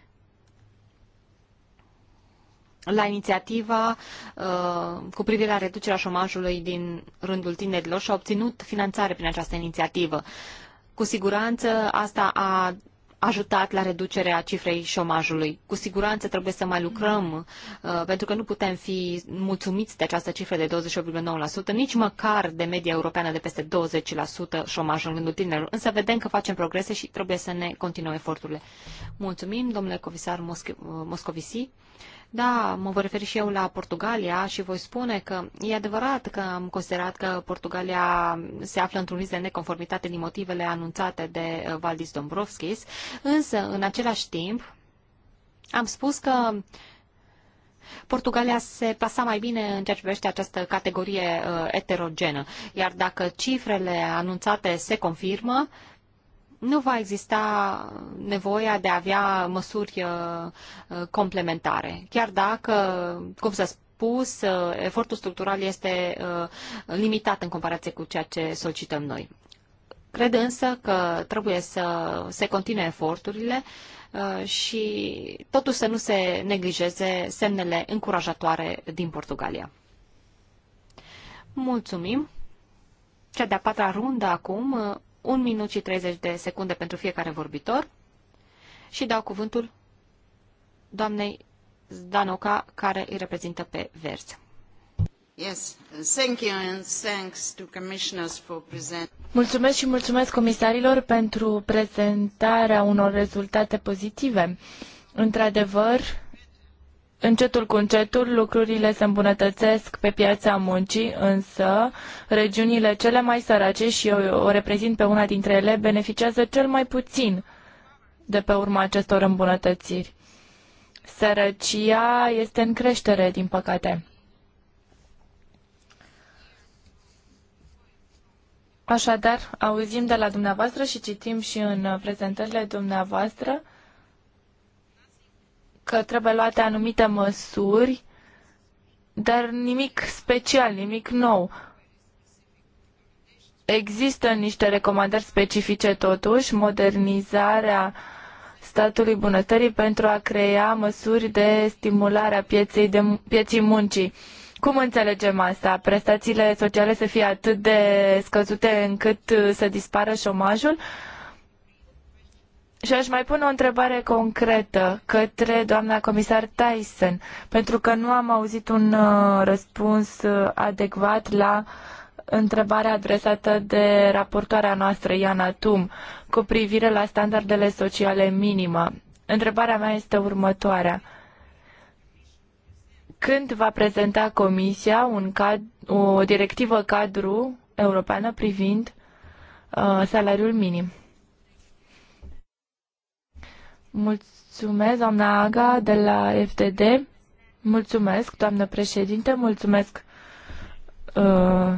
la inițiativa uh, cu privire la reducerea șomajului din rândul tinerilor și a obținut finanțare prin această inițiativă. Cu siguranță asta a ajutat la reducerea cifrei șomajului. Cu siguranță trebuie să mai lucrăm, uh, pentru că nu putem fi mulțumiți de această cifră de 28,9%, nici măcar de media europeană de peste 20% șomaj în rândul tinerilor. Însă vedem că facem progrese și trebuie să ne continuăm eforturile. Mulțumim, domnule comisar Mosc- Moscovici. Da, mă voi referi și eu la Portugalia și voi spune că e adevărat că am considerat că Portugalia se află într-un risc de neconformitate din motivele anunțate de uh, Valdis Dombrovskis, însă, în același timp, am spus că Portugalia se plasa mai bine în ceea ce privește această categorie uh, eterogenă, iar dacă cifrele anunțate se confirmă, uh, nu va exista nevoia de a avea măsuri uh, uh, complementare. Chiar dacă, cum să spus, uh, efortul structural este limitat în comparație cu ceea ce solicităm noi. Cred însă că trebuie să se continue eforturile și totuși să nu se neglijeze semnele încurajatoare din Portugalia. Mulțumim! Cea de-a patra rundă acum 1 minut și 30 de secunde pentru fiecare vorbitor și dau cuvântul doamnei Zdanoca, care îi reprezintă pe vers. Yes, thank you and thanks to commissioners for present. Mulțumesc și mulțumesc comisarilor pentru prezentarea unor rezultate pozitive. Într-adevăr, Încetul cu încetul lucrurile se îmbunătățesc pe piața muncii, însă regiunile cele mai sărace și eu o reprezint pe una dintre ele beneficiază cel mai puțin de pe urma acestor îmbunătățiri. Sărăcia este în creștere, din păcate. Așadar, auzim de la dumneavoastră și citim și în prezentările dumneavoastră că trebuie luate anumite măsuri, dar nimic special, nimic nou. Există niște recomandări specifice totuși, modernizarea statului bunătării pentru a crea măsuri de stimulare a pieței, de, pieții muncii. Cum înțelegem asta? Prestațiile sociale să fie atât de scăzute încât să dispară șomajul? Uh, și aș mai pune o întrebare concretă către doamna comisar Tyson, pentru că nu am auzit un uh, răspuns uh, adecvat la întrebarea adresată de raportoarea noastră, Iana Tum, cu privire la standardele sociale minime. Întrebarea mea este următoarea. Când va prezenta Comisia un cad- o directivă cadru europeană privind uh, salariul minim? Mulțumesc, doamna Aga de la FDD. Mulțumesc, doamnă președinte. Mulțumesc uh,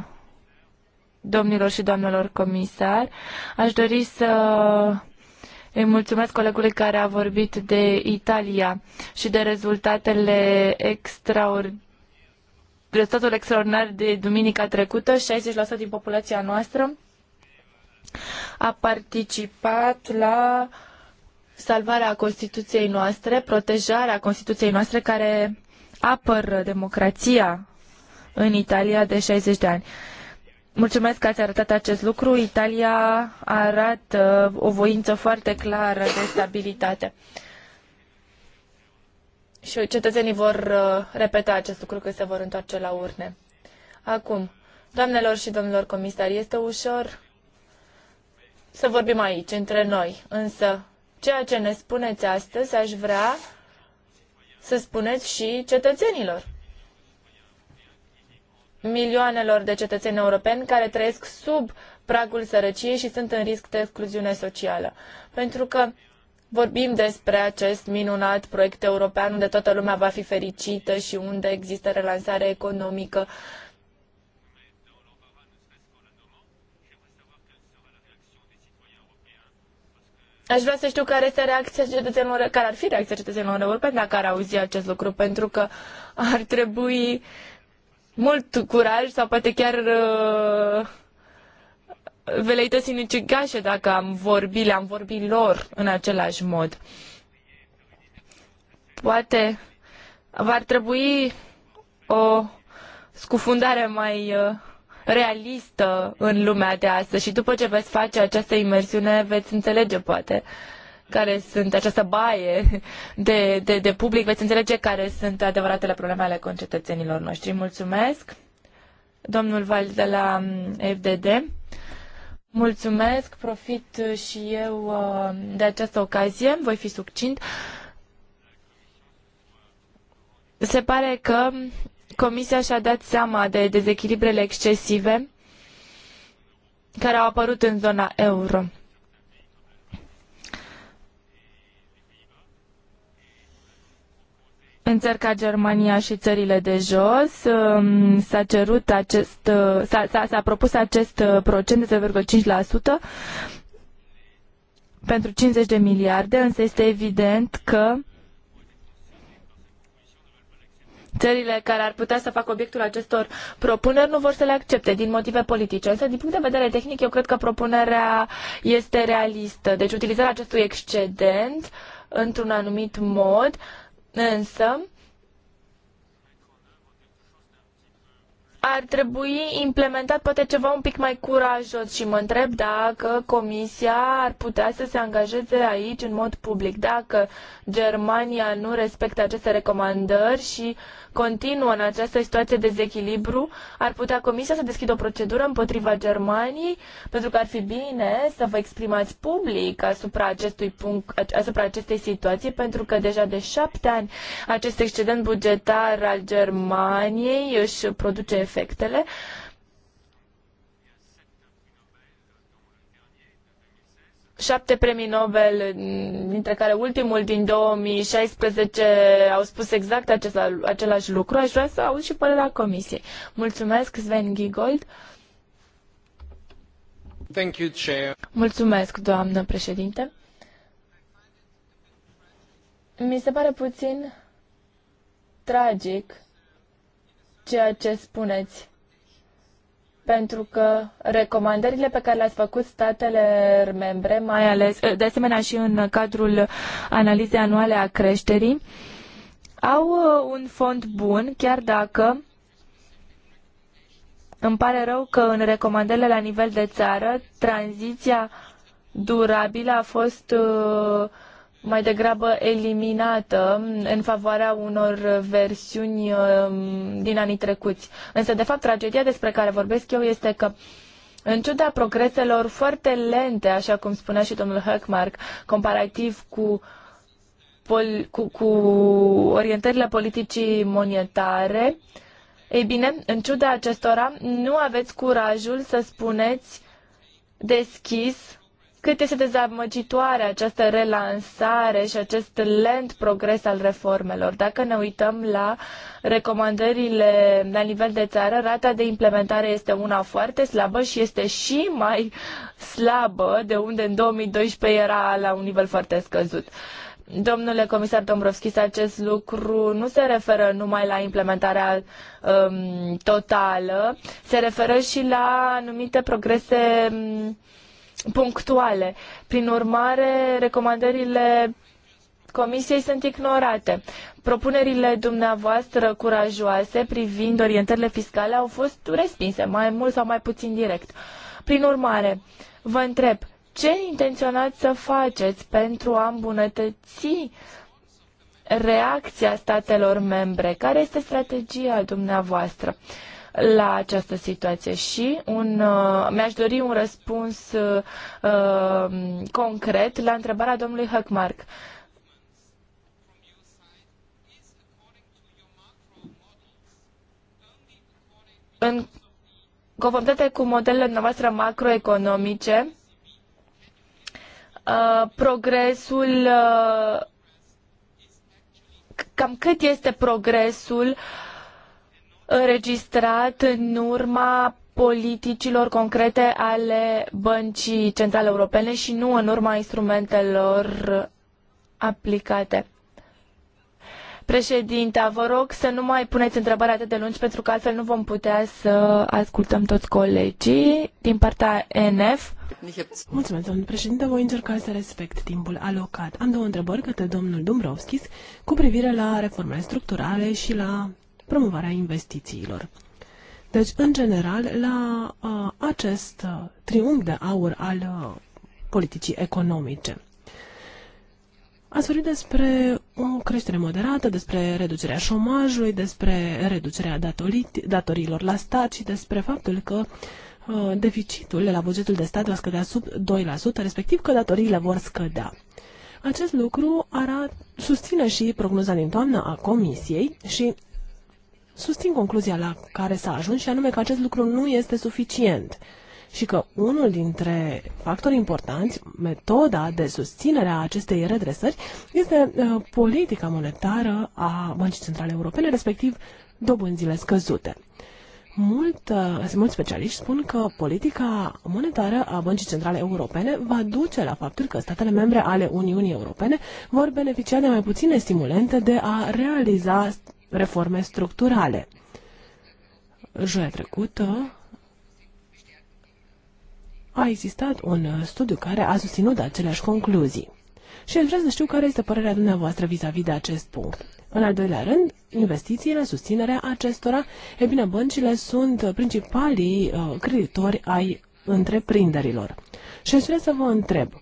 domnilor și doamnelor comisar. Aș dori să îi mulțumesc colegului care a vorbit de Italia și de rezultatele extraordinare rezultatul extraordinar de duminica trecută, 60% din populația noastră a participat la uh, salvarea Constituției noastre, protejarea Constituției noastre care apără democrația în Italia de 60 de ani. Mulțumesc că ați arătat acest lucru. Italia arată o voință foarte clară de stabilitate. Și cetățenii vor uh, repeta acest lucru când se vor întoarce la urne. Acum, doamnelor și domnilor comisari, este ușor să vorbim aici, între noi, însă ceea ce ne spuneți astăzi aș vrea să spuneți și cetățenilor. Milioanelor de cetățeni europeni care trăiesc sub pragul sărăciei și sunt în risc de excluziune socială. Pentru că vorbim despre acest minunat proiect european unde toată lumea va fi fericită și unde există relansare economică Aș vrea să știu care este reacția cetățenilor, care ar fi reacția cetățenilor europeni dacă ar auzi acest lucru, pentru că ar trebui mult curaj sau poate chiar uh, veleități sinucigașe dacă am vorbi, le-am vorbit lor în același mod. Poate ar trebui o scufundare mai uh, realistă în lumea de astăzi și după ce veți face această imersiune veți înțelege poate care sunt această baie de, de, de public, veți înțelege care sunt adevăratele probleme ale concetățenilor noștri. Mulțumesc, domnul Val de la mm, FDD. Mulțumesc, profit și eu uh, de această ocazie, voi fi succint. Se pare că Comisia și-a dat seama de dezechilibrele excesive care au apărut în zona euro. În țări ca Germania și țările de jos um, s-a cerut acest, uh, s-a, propus acest uh, procent de 0,5% pentru 50 de miliarde, însă este evident că țările care ar putea să facă obiectul acestor propuneri nu vor să le accepte din motive politice. Însă, din punct de vedere tehnic, eu cred că propunerea este realistă. Deci, utilizarea acestui excedent într-un anumit mod, însă, ar trebui implementat poate ceva un pic mai curajos și mă întreb dacă Comisia ar putea să se angajeze aici în mod public, dacă Germania nu respectă aceste recomandări și continuă în această situație de dezechilibru, ar putea Comisia să deschidă o procedură împotriva Germaniei, pentru că ar fi bine să vă exprimați public asupra, acestui punct, asupra acestei situații, pentru că deja de șapte ani acest excedent bugetar al Germaniei își produce efecte efectele. Șapte premii Nobel, dintre care ultimul din 2016, au spus exact acest, același lucru. Aș vrea să aud și părerea Comisiei. Mulțumesc, Sven Giegold. Thank you, Chair. Mulțumesc, doamnă președinte. Mi se pare puțin tragic ceea ce spuneți. Pentru că recomandările pe care le-ați făcut statele membre, mai ales, de asemenea și în cadrul analizei anuale a creșterii, au uh, un fond bun, chiar dacă îmi pare rău că în recomandările la nivel de țară, tranziția durabilă a fost uh, mai degrabă eliminată în favoarea unor versiuni um, din anii trecuți. Însă, de fapt, tragedia despre care vorbesc eu este că în ciuda progreselor foarte lente, așa cum spunea și domnul Höckmark, comparativ cu, pol, cu, cu orientările politicii monetare, ei bine, în ciuda acestora, nu aveți curajul să spuneți deschis cât este dezamăgitoare această relansare și acest lent progres al reformelor. Dacă ne uităm la recomandările la nivel de țară, rata de implementare este una foarte slabă și este și mai slabă de unde în 2012 era la un nivel foarte scăzut. Domnule comisar Dombrovskis, acest lucru nu se referă numai la implementarea um, totală, se referă și la anumite progrese um, punctuale. Prin urmare, recomandările Comisiei sunt ignorate. Propunerile dumneavoastră curajoase privind orientările fiscale au fost respinse, mai mult sau mai puțin direct. Prin urmare, vă întreb, ce intenționați să faceți pentru a îmbunătăți reacția statelor membre? Care este strategia dumneavoastră? la această situație și un, uh, mi-aș dori un răspuns uh, concret la întrebarea domnului Hăcmarc. În conformitate cu modelele noastre macroeconomice, uh, progresul uh, cam cât este progresul uh, înregistrat în urma politicilor concrete ale Băncii Centrale Europene și nu în urma instrumentelor aplicate. Președinta, vă rog să nu mai puneți întrebări atât de lungi pentru că altfel nu vom putea să ascultăm toți colegii din partea NF. Mulțumesc, domnul președinte. Voi încerca să respect timpul alocat. Am două întrebări către domnul Dumbrovskis cu privire la reformele structurale și la promovarea investițiilor. Deci, în general, la uh, acest triumf triunghi de aur al uh, politicii economice. Ați vorbit despre o creștere moderată, despre reducerea șomajului, despre reducerea datoriilor la stat și despre faptul că deficitul la bugetul de stat va scădea sub 2%, respectiv că datoriile vor scădea. Acest lucru arat, susține și prognoza din toamnă a Comisiei și susțin concluzia la care s-a ajuns și anume că acest lucru nu este suficient și că unul dintre factorii importanți, metoda de susținere a acestei redresări, este uh, politica monetară a Băncii Centrale Europene, respectiv dobânzile scăzute. Mult, uh, mulți specialiști spun că politica monetară a Băncii Centrale Europene va duce la faptul că statele membre ale Uniunii Europene vor beneficia de mai puține stimulente de a realiza reforme structurale. Joia trecută a existat un studiu care a susținut aceleași concluzii. Și aș vrea să știu care este părerea dumneavoastră vis-a-vis -vis de acest punct. În al doilea rând, investițiile, susținerea acestora. E bine, băncile sunt principalii uh, creditori ai întreprinderilor. Și aș vrea să vă întreb,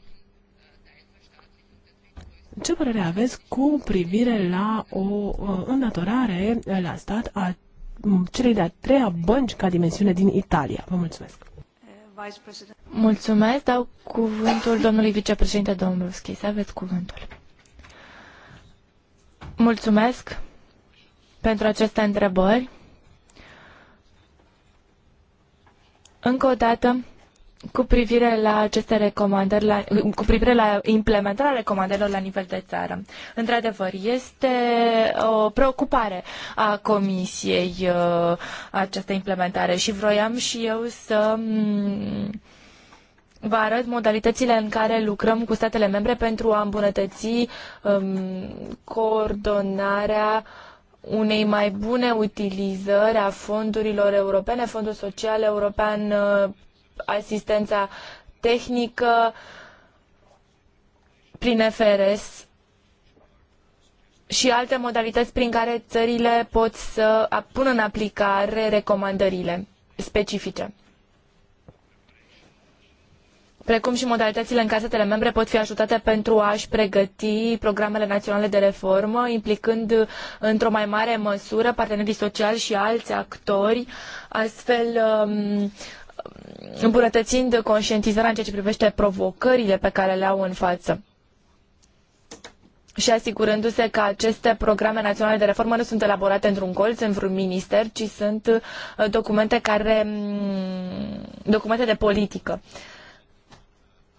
ce părere aveți cu privire la o uh, îndatorare la stat a celei de-a treia bănci ca dimensiune din Italia? Vă mulțumesc! Mulțumesc, dau cuvântul domnului vicepreședinte Dombrovski. Să aveți cuvântul. Mulțumesc pentru aceste întrebări. Încă o dată, cu privire la aceste recomandări, la, cu privire la implementarea recomandărilor la nivel de țară. Într-adevăr, este o preocupare a Comisiei uh, această implementare și vroiam și eu să mm, vă arăt modalitățile în care lucrăm cu statele membre pentru a îmbunătăți um, coordonarea unei mai bune utilizări a fondurilor europene, Fondul Social European uh, asistența tehnică prin FRS și alte modalități prin care țările pot să pună în aplicare recomandările specifice. Precum și modalitățile în care statele membre pot fi ajutate pentru a-și pregăti programele naționale de reformă, implicând într-o mai mare măsură partenerii sociali și alți actori, astfel um, îmbunătățind conștientizarea în ceea ce privește provocările pe care le au în față și asigurându-se că aceste programe naționale de reformă nu sunt elaborate într-un colț, într-un minister, ci sunt uh, documente care mm, documente de politică.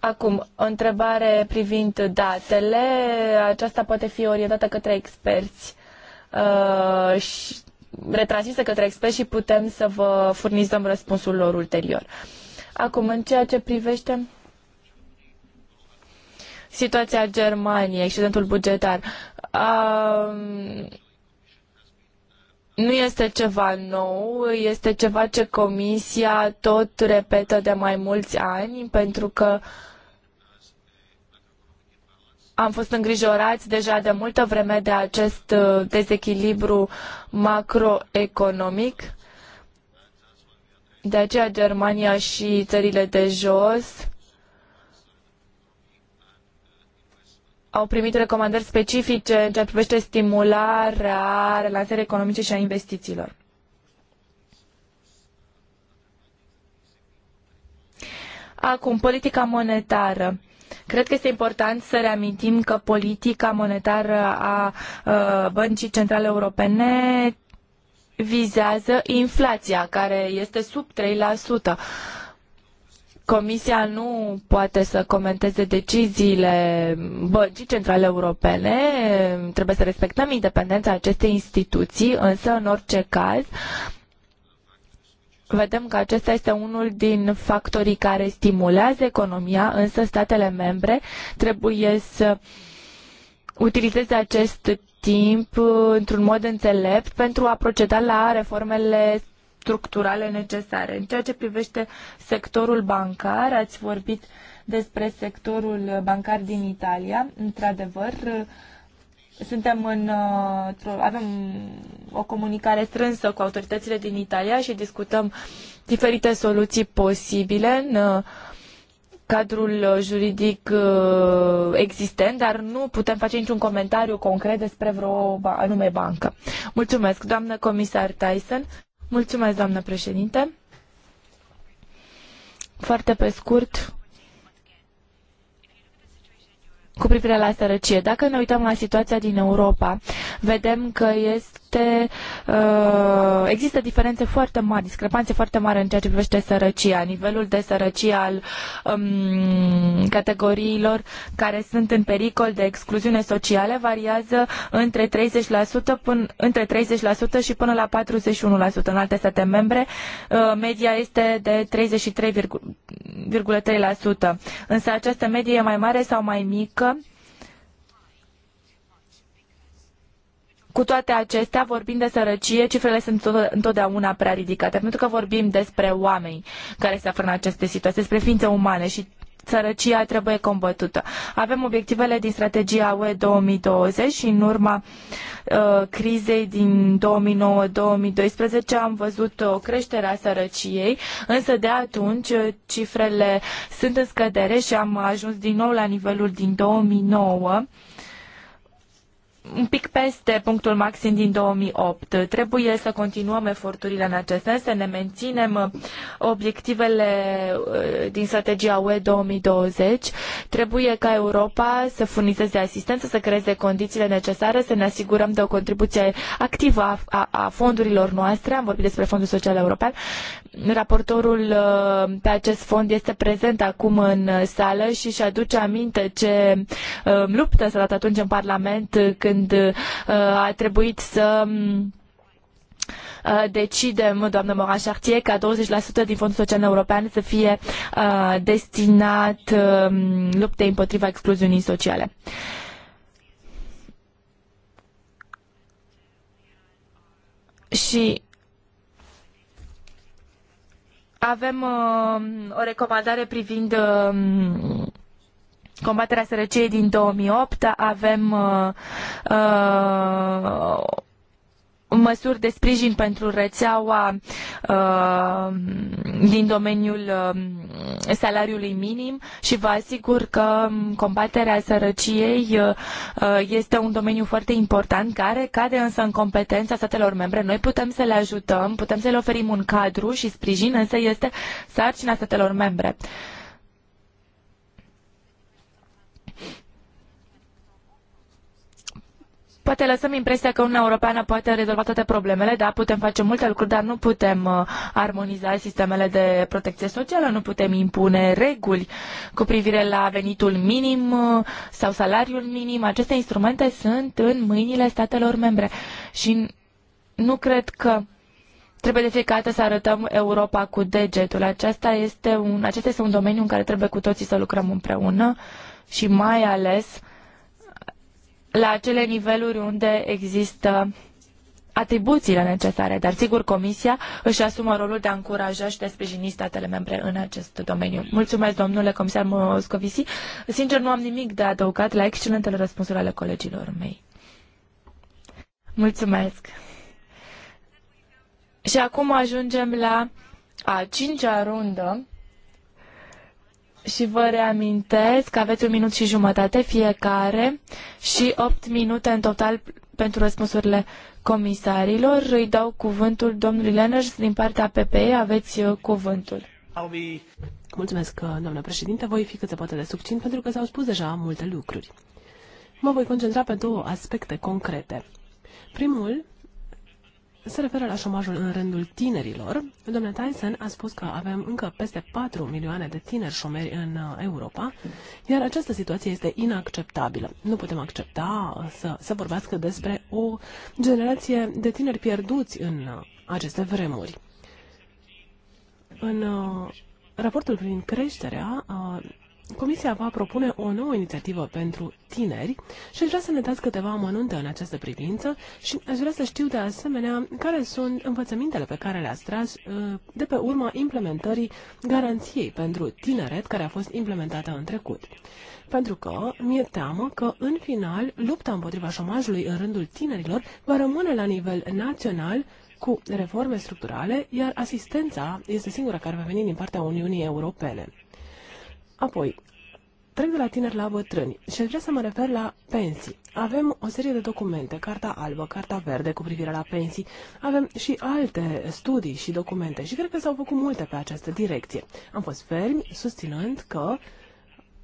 Acum, o întrebare privind datele, aceasta poate fi orientată către experți. Uh, și retransmise către expert și putem să vă furnizăm răspunsul lor ulterior. Acum, în ceea ce privește situația Germaniei, excedentul bugetar, um, nu este ceva nou, este ceva ce Comisia tot repetă de mai mulți ani, pentru că uh, am fost îngrijorați deja de multă vreme de acest uh, dezechilibru macroeconomic. De aceea Germania și țările de jos au primit recomandări specifice în ceea ce privește stimularea relansării economice și a investițiilor. Acum, politica monetară. Cred că este important să reamintim că politica monetară a uh, Băncii Centrale Europene vizează inflația, care este sub 3%. Comisia nu poate să comenteze deciziile băncii centrale europene, trebuie să respectăm independența acestei instituții, însă în orice caz vedem că acesta este unul din factorii care stimulează economia, însă statele membre trebuie să utilizeze acest timp într-un mod înțelept pentru a proceda la reformele structurale necesare. În ceea ce privește sectorul bancar, ați vorbit despre sectorul bancar din Italia. Într-adevăr, suntem în, uh, avem o comunicare strânsă cu autoritățile din Italia și discutăm diferite soluții posibile în uh, cadrul juridic uh, existent, dar nu putem face niciun comentariu concret despre vreo anume bancă. Mulțumesc, doamnă comisar Tyson. Mulțumesc, doamnă președinte. Foarte pe scurt, cu privire la sărăcie. Dacă ne uităm la situația din Europa, vedem că este este, Uh, există diferențe foarte mari, discrepanțe foarte mari în ceea ce privește sărăcia, nivelul de sărăcie al um, categoriilor care sunt în pericol de excluziune socială variază între 30%, până, între 30% și până la 41%. În alte state membre, uh, media este de 33,3%. Însă această medie e mai mare sau mai mică Cu toate acestea, vorbind de sărăcie, cifrele sunt întotdeauna prea ridicate, pentru că vorbim despre oameni care se află în aceste situații, despre ființe umane și sărăcia trebuie combătută. Avem obiectivele din strategia UE 2020 și în urma uh, crizei din 2009-2012 am văzut o creștere a sărăciei, însă de atunci uh, cifrele sunt în scădere și am ajuns din nou la nivelul din 2009 un pic peste punctul maxim din 2008. Trebuie să continuăm eforturile în acest sens, să ne menținem uh, obiectivele uh, din strategia UE 2020. Trebuie ca Europa să furnizeze asistență, să creeze condițiile necesare, să ne asigurăm de o contribuție activă a, a, a fondurilor noastre, am vorbit despre Fondul Social European, raportorul uh, pe acest fond este prezent acum în uh, sală și își aduce aminte ce uh, luptă s-a dat atunci în Parlament când a trebuit să mm, decidem, doamnă Moran Chartier, ca 20% din Fondul Social European să fie destinat luptei împotriva excluziunii sociale. Și avem uh, o recomandare privind um, combaterea sărăciei din 2008, avem uh, uh, măsuri de sprijin pentru rețeaua uh, din domeniul uh, salariului minim și vă asigur că um, combaterea sărăciei uh, uh, este un domeniu foarte important care cade însă în competența statelor membre. Noi putem să le ajutăm, putem să le oferim un cadru și sprijin, însă este sarcina statelor membre. Uh, Poate lăsăm impresia că Uniunea Europeană poate rezolva toate problemele, da, putem face multe lucruri, dar nu putem uh, armoniza sistemele de protecție socială, nu putem impune reguli cu privire la venitul minim uh, sau salariul minim. Aceste instrumente sunt în mâinile statelor membre și nu cred că trebuie de fiecare dată să arătăm Europa cu degetul. Acesta este un, acesta este un domeniu în care trebuie cu toții să lucrăm împreună și mai ales uh, la acele niveluri unde există atribuțiile necesare, dar sigur Comisia își asumă rolul de a încuraja și de a sprijini statele membre în acest domeniu. Mulțumesc, domnule comisar Moscovici. Sincer, nu am nimic de adăugat la excelentele răspunsuri ale colegilor mei. Mulțumesc. Și acum ajungem la a cincea rundă și vă reamintesc că aveți un minut și jumătate fiecare și opt minute în total pentru răspunsurile comisarilor. Îi dau cuvântul domnului Lenners din partea PPE. Aveți uh, cuvântul. Mulțumesc, uh, doamnă președinte. Voi fi cât se poate de subțin pentru că s-au spus deja multe lucruri. Mă voi concentra pe două aspecte concrete. Primul se referă la șomajul în rândul tinerilor. Domnul Tyson a spus că avem încă peste 4 milioane de tineri șomeri în uh, Europa, iar această situație este inacceptabilă. Nu putem accepta uh, să se vorbească despre o generație de tineri pierduți în uh, aceste vremuri. În raportul privind creșterea, Comisia va propune o nouă inițiativă pentru tineri și aș vrea să ne dați câteva amănunte în această privință și aș vrea să știu de asemenea care sunt învățămintele pe care le-ați tras uh, de pe urma implementării garanției pentru tineret care a fost implementată în trecut. Pentru că mi-e teamă că, în final, lupta împotriva șomajului în rândul tinerilor va rămâne la nivel național cu reforme structurale, iar asistența este singura care va veni din partea Uniunii Europene. Apoi, trec de la tineri la bătrâni și aș vrea să mă refer la pensii. Avem o serie de documente, Carta Albă, Carta Verde cu privire la pensii, avem și alte studii și documente și cred că s-au făcut multe pe această direcție. Am fost fermi susținând că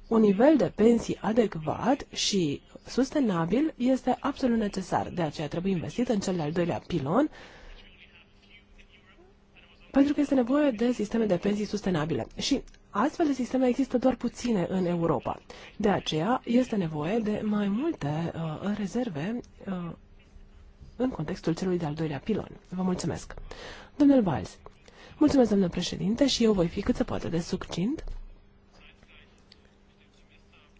un nivel de pensii adecvat și sustenabil este absolut necesar. De aceea trebuie investit în cel de-al doilea pilon pentru că este nevoie de sisteme de pensii sustenabile. Și astfel de sisteme există doar puține în Europa. De aceea este nevoie de mai multe uh, rezerve uh, în contextul celui de-al doilea pilon. Vă mulțumesc. Domnul Valls, mulțumesc, domnule președinte, și eu voi fi cât se poate de succint.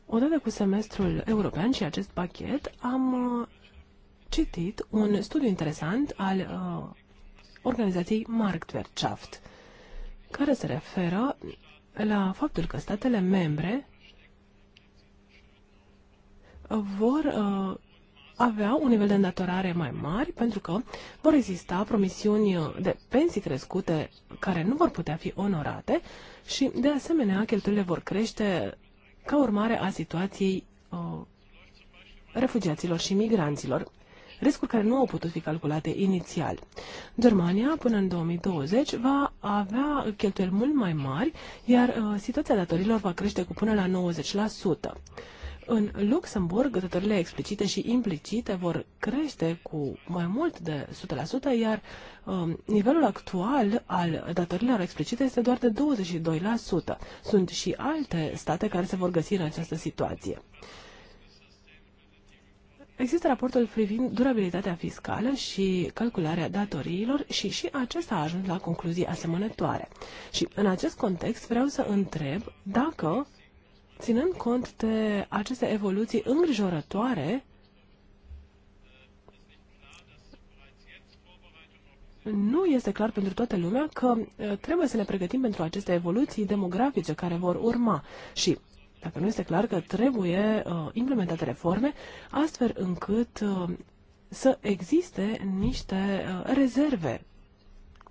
Odată cu semestrul european și acest pachet, am uh, citit un studiu interesant al uh, organizației Marktwirtschaft, care se referă la faptul că statele membre vor uh, avea un nivel de îndatorare mai mare pentru că vor exista promisiuni de pensii crescute care nu vor putea fi onorate și, de asemenea, cheltuielile vor crește ca urmare a situației uh, refugiaților și migranților riscuri care nu au putut fi calculate inițial. Germania, până în 2020, va avea cheltuieli mult mai mari, iar uh, situația datorilor va crește cu până la 90%. În Luxemburg, datorile explicite și implicite vor crește cu mai mult de 100%, iar um, nivelul actual al datorilor explicite este doar de 22%. Sunt și alte state care se vor găsi în această situație. Există raportul privind durabilitatea fiscală și calcularea datoriilor și și acesta a ajuns la concluzii asemănătoare. Și în acest context vreau să întreb dacă, ținând cont de aceste evoluții îngrijorătoare, nu este clar pentru toată lumea că uh, trebuie să ne pregătim pentru aceste evoluții demografice care vor urma și dacă nu este clar că trebuie uh, implementate reforme, astfel încât uh, să existe niște uh, rezerve,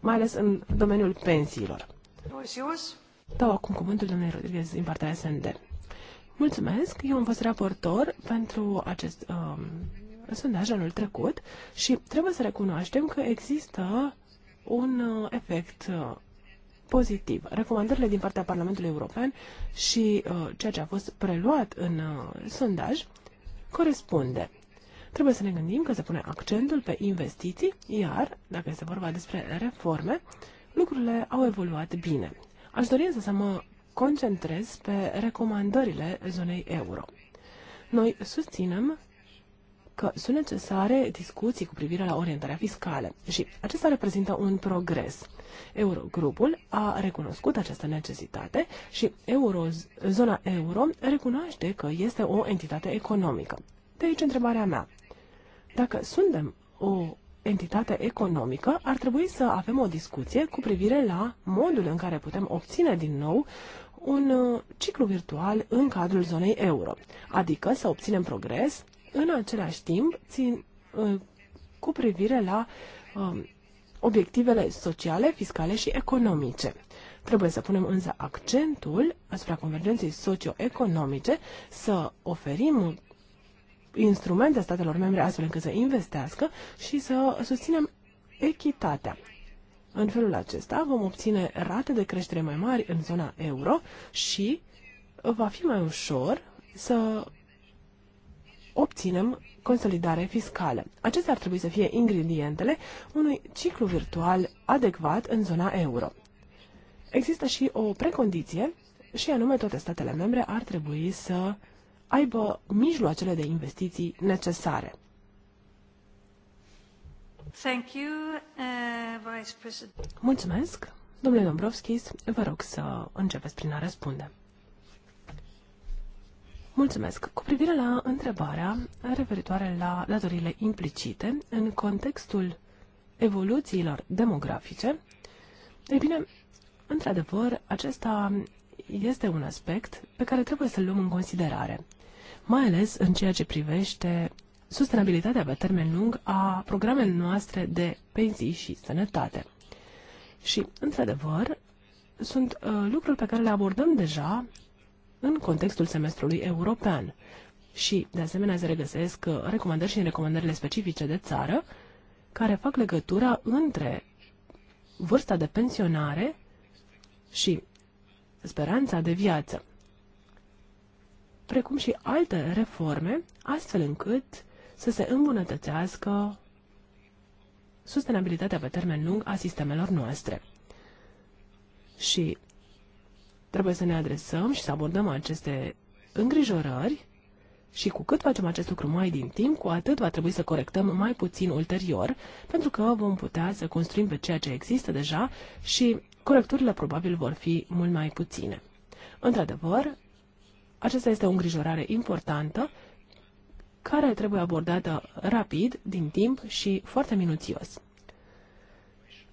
mai ales în domeniul pensiilor. Dau acum cuvântul domnului Rodriguez din partea SND. Mulțumesc, eu am fost raportor pentru acest uh, sondaj anul trecut și trebuie să recunoaștem că există un uh, efect uh, pozitiv. Recomandările din partea Parlamentului European și uh, ceea ce a fost preluat în uh, sondaj corespunde. Trebuie să ne gândim că se pune accentul pe investiții, iar, dacă este vorba despre reforme, lucrurile au evoluat bine. Aș dori însă să mă concentrez pe recomandările zonei euro. Noi susținem că sunt necesare discuții cu privire la orientarea fiscală și acesta reprezintă un progres. Eurogrupul a recunoscut această necesitate și euro, zona euro recunoaște că este o entitate economică. De aici întrebarea mea. Dacă suntem o entitate economică, ar trebui să avem o discuție cu privire la modul în care putem obține din nou un uh, ciclu virtual în cadrul zonei euro, adică să obținem progres în același timp țin ă, cu privire la ă, obiectivele sociale, fiscale și economice. Trebuie să punem însă accentul asupra convergenței socioeconomice, să oferim instrumente statelor membre astfel încât să investească și să susținem echitatea. În felul acesta vom obține rate de creștere mai mari în zona euro și va fi mai ușor să obținem consolidare fiscală. Acestea ar trebui să fie ingredientele unui ciclu virtual adecvat în zona euro. Există și o precondiție și anume toate statele membre ar trebui să aibă mijloacele de investiții necesare. Thank you, uh, Vice Mulțumesc. Domnule Dombrovskis, vă rog să începeți prin a răspunde. Mulțumesc. Cu privire la întrebarea referitoare la datorile implicite în contextul evoluțiilor demografice, ei bine, într-adevăr, acesta este un aspect pe care trebuie să-l luăm în considerare, mai ales în ceea ce privește sustenabilitatea pe termen lung a programelor noastre de pensii și sănătate. Și, într-adevăr, sunt uh, lucruri pe care le abordăm deja în contextul semestrului european. Și, de asemenea, se regăsesc uh, recomandări și în recomandările specifice de țară, care fac legătura între vârsta de pensionare și speranța de viață, precum și alte reforme, astfel încât să se îmbunătățească sustenabilitatea pe termen lung a sistemelor noastre. Și Trebuie să ne adresăm și să abordăm aceste îngrijorări și cu cât facem acest lucru mai din timp, cu atât va trebui să corectăm mai puțin ulterior, pentru că vom putea să construim pe ceea ce există deja și corecturile probabil vor fi mult mai puține. Într-adevăr, aceasta este o îngrijorare importantă care trebuie abordată rapid, din timp și foarte minuțios.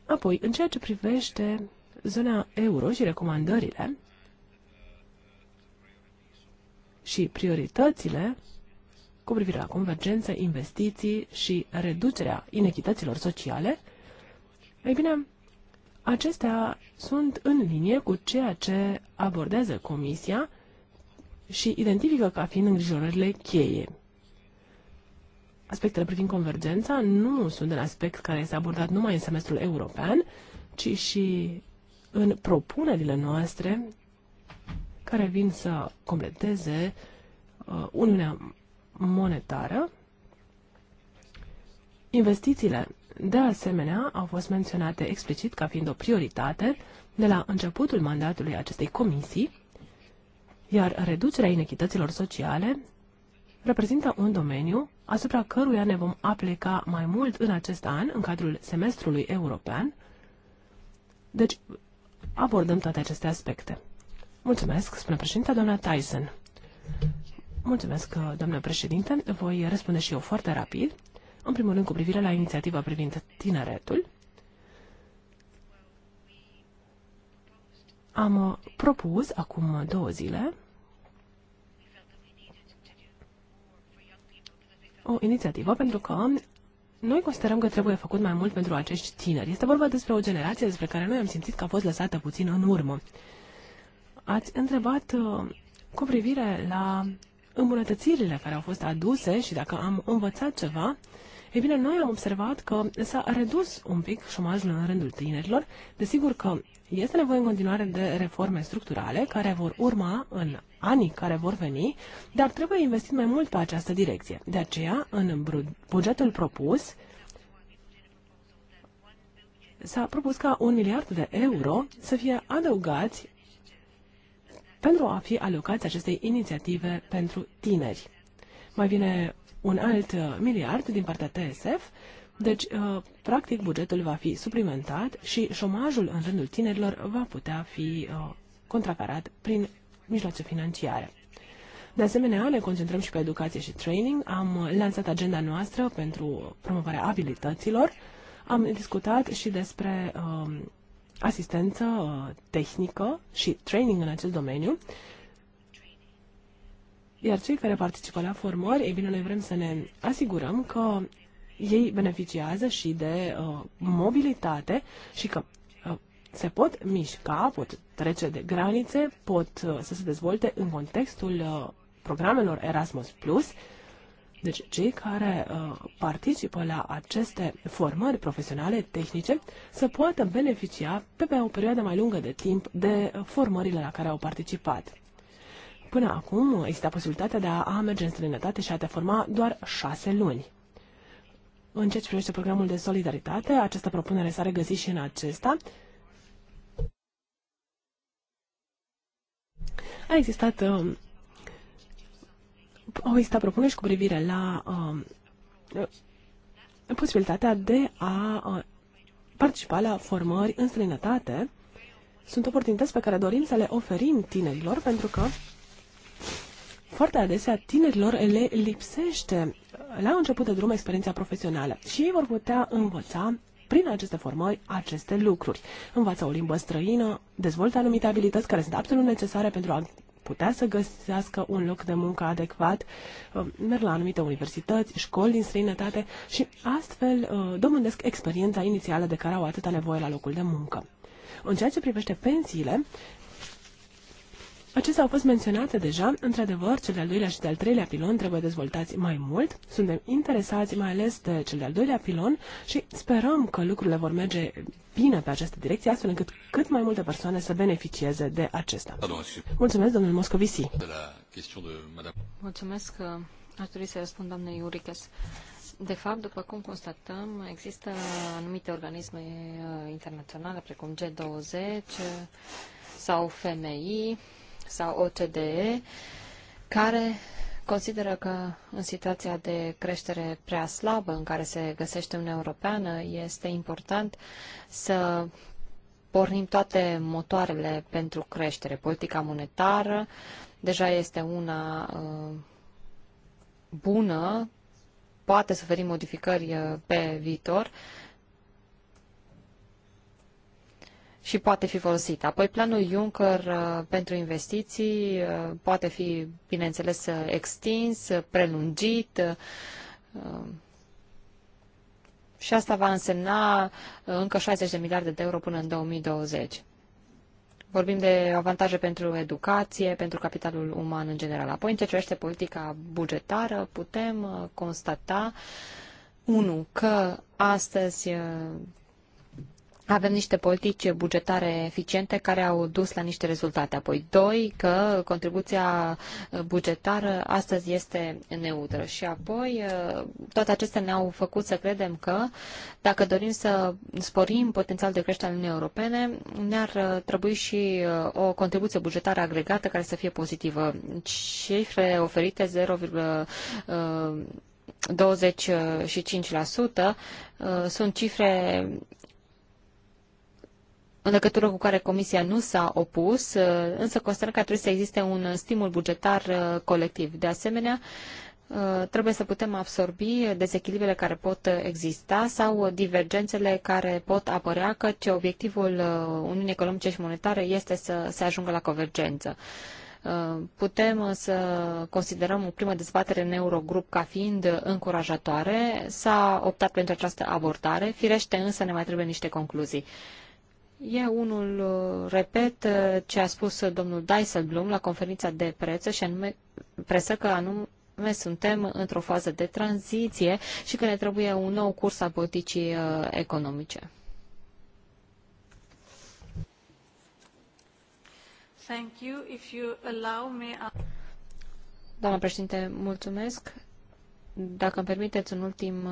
Apoi, în ceea ce privește zona euro și recomandările, și prioritățile cu privire la convergență, investiții și reducerea inechităților sociale, ei bine, acestea sunt în linie cu ceea ce abordează Comisia și identifică ca fiind îngrijorările cheie. Aspectele privind convergența nu sunt un aspect care este abordat numai în semestrul european, ci și în propunerile noastre care vin să completeze uh, Uniunea Monetară. Investițiile, de asemenea, au fost menționate explicit ca fiind o prioritate de la începutul mandatului acestei comisii, iar reducerea inechităților sociale reprezintă un domeniu asupra căruia ne vom aplica mai mult în acest an, în cadrul semestrului european. Deci, abordăm toate aceste aspecte. Mulțumesc, spune președinte, doamna Tyson. Mulțumesc, doamna președinte. Voi răspunde și eu foarte rapid. În primul rând, cu privire la inițiativa privind tineretul, am uh, propus acum două zile o inițiativă pentru că noi considerăm că trebuie făcut mai mult pentru acești tineri. Este vorba despre o generație despre care noi am simțit că a fost lăsată puțin în urmă ați întrebat uh, cu privire la îmbunătățirile care au fost aduse și dacă am învățat ceva, ei bine, noi am observat că s-a redus un pic șomajul în rândul tinerilor. Desigur că este nevoie în continuare de reforme structurale care vor urma în anii care vor veni, dar trebuie investit mai mult pe această direcție. De aceea, în bugetul propus, s-a propus ca un miliard de euro să fie adăugați pentru a fi alocați acestei inițiative pentru tineri. Mai vine un alt uh, miliard din partea TSF, deci, uh, practic, bugetul va fi suplimentat și șomajul în rândul tinerilor va putea fi uh, contracarat prin mijloace financiare. De asemenea, ne concentrăm și pe educație și training. Am lansat agenda noastră pentru promovarea abilităților. Am discutat și despre um, asistență uh, tehnică și training în acest domeniu. Iar cei care participă la formări, ei bine, noi vrem să ne asigurăm că ei beneficiază și de uh, mobilitate și că uh, se pot mișca, pot trece de granițe, pot uh, să se dezvolte în contextul uh, programelor Erasmus+, Plus, uh, deci cei care uh, participă la aceste formări profesionale, tehnice, să poată beneficia pe, pe o perioadă mai lungă de timp de uh, formările la care au participat. Până acum uh, există posibilitatea de a merge în străinătate și a te forma doar șase luni. În ceea ce privește programul de solidaritate, această propunere s-a regăsit și în acesta. A existat uh, au existat propuneri cu privire la uh, posibilitatea de a uh, participa la formări în străinătate. Sunt oportunități pe care dorim să le oferim tinerilor, pentru că foarte adesea tinerilor le lipsește uh, la început de drum experiența profesională și ei vor putea învăța prin aceste formări aceste lucruri. Învață o limbă străină, dezvoltă anumite abilități care sunt absolut necesare pentru a putea să găsească un loc de muncă adecvat, uh, merg la anumite universități, școli din străinătate și astfel uh, domândesc experiența inițială de care au atâta nevoie la locul de muncă. În ceea ce privește pensiile, Acestea au fost menționate deja. Într-adevăr, cel de-al doilea și de-al treilea pilon trebuie dezvoltați mai mult. Suntem interesați mai ales de cel de-al doilea pilon și sperăm că lucrurile vor merge bine pe această direcție, astfel încât cât mai multe persoane să beneficieze de acesta. Mulțumesc, domnul Moscovici. Mulțumesc că uh, aș dori să răspund doamnei Iuriches. De fapt, după cum constatăm, există anumite organisme uh, internaționale, precum G20 uh, sau FMI, sau OCDE, care consideră că în situația de creștere prea slabă în care se găsește Uniunea Europeană este important să pornim toate motoarele pentru creștere. Politica monetară deja este una uh, bună, poate să suferi modificări uh, pe viitor, și poate fi folosit. Apoi planul Juncker uh, pentru investiții uh, poate fi, bineînțeles, uh, extins, prelungit și asta va însemna încă 60 de miliarde de euro până în 2020. Vorbim de avantaje pentru educație, pentru capitalul uman în general. Apoi, în ce privește politica bugetară, putem constata, unu, că astăzi avem niște politici bugetare eficiente care au dus la niște rezultate. Apoi, doi, că contribuția bugetară astăzi este neutră. Și apoi, uh, toate acestea ne-au făcut să credem că, dacă dorim să sporim potențialul de creștere al Uniunii Europene, ne-ar uh, trebui și uh, o contribuție bugetară agregată care să fie pozitivă. Cifre oferite 0, 25% sunt cifre în legătură cu care Comisia nu s-a opus, uh, însă consider că trebuie să existe un stimul bugetar uh, colectiv. De asemenea, uh, trebuie să putem absorbi dezechilibrele care pot exista sau divergențele care pot apărea, căci obiectivul Uniunii Economice și Monetare este să se ajungă la convergență putem să considerăm o primă dezbatere în Eurogrup ca fiind încurajatoare. S-a optat pentru această abordare, firește însă ne mai trebuie niște concluzii. Eu unul uh, repet uh, ce a spus domnul Dijsselbloem la conferința de preță și anume presă că anume suntem într-o fază de tranziție și că ne trebuie un nou curs a politicii uh, economice. Thank you. If you allow me... Doamna președinte, mulțumesc. Dacă îmi permiteți un ultim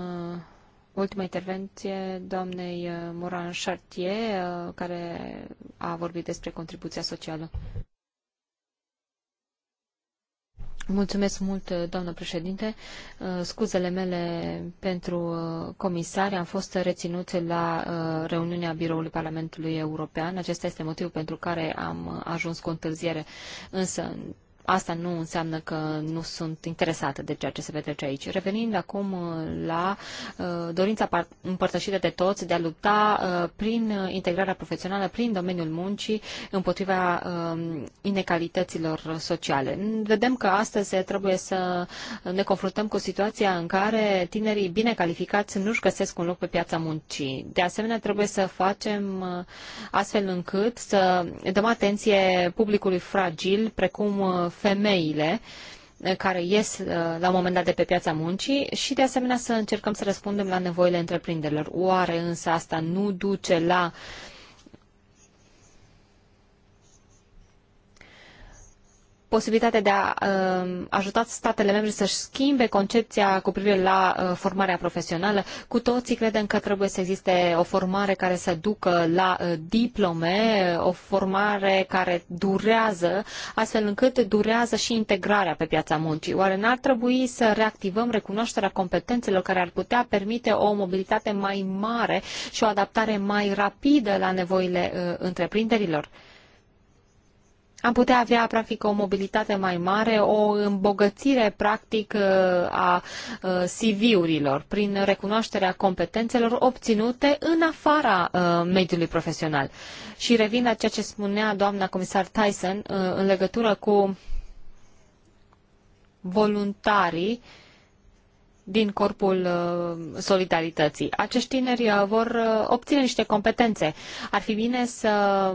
ultima intervenție doamnei uh, Moran Chartier, uh, care a vorbit despre contribuția socială. Mulțumesc mult, uh, doamnă președinte. Scuzele mele pentru comisari am fost reținut la reuniunea biroului Parlamentului European. Acesta este motivul pentru care am ajuns cu întârziere. Însă, asta nu înseamnă că nu sunt interesată de ceea ce se petrece aici. Revenind acum uh, la uh, dorința împărtășită de toți de a lupta uh, prin integrarea profesională, prin domeniul muncii, împotriva um, inegalităților sociale. Vedem că astăzi trebuie să ne confruntăm cu situația în care tinerii bine calificați nu-și găsesc un loc pe piața muncii. De asemenea, trebuie să facem astfel încât să dăm atenție publicului fragil, precum femeile uh, care ies uh, la un moment dat de pe piața muncii și de asemenea să încercăm să răspundem la nevoile întreprinderilor. Oare însă asta nu duce la uh, posibilitatea de a um, ajuta statele membre să-și schimbe concepția cu privire la uh, formarea profesională. Cu toții credem că trebuie să existe o formare care să ducă la uh, diplome, o formare care durează, astfel încât durează și integrarea pe piața muncii. Oare n-ar trebui să reactivăm recunoașterea competențelor care ar putea permite o mobilitate mai mare și o adaptare mai rapidă la nevoile uh, întreprinderilor? am putea avea practic o mobilitate mai mare, o îmbogățire practic uh, a uh, CV-urilor prin recunoașterea competențelor obținute în afara uh, mediului profesional. Și revin la ceea ce spunea doamna comisar Tyson în legătură cu voluntarii uh, din corpul uh, solidarității. Acești tineri uh, vor uh, obține niște competențe. Ar fi bine să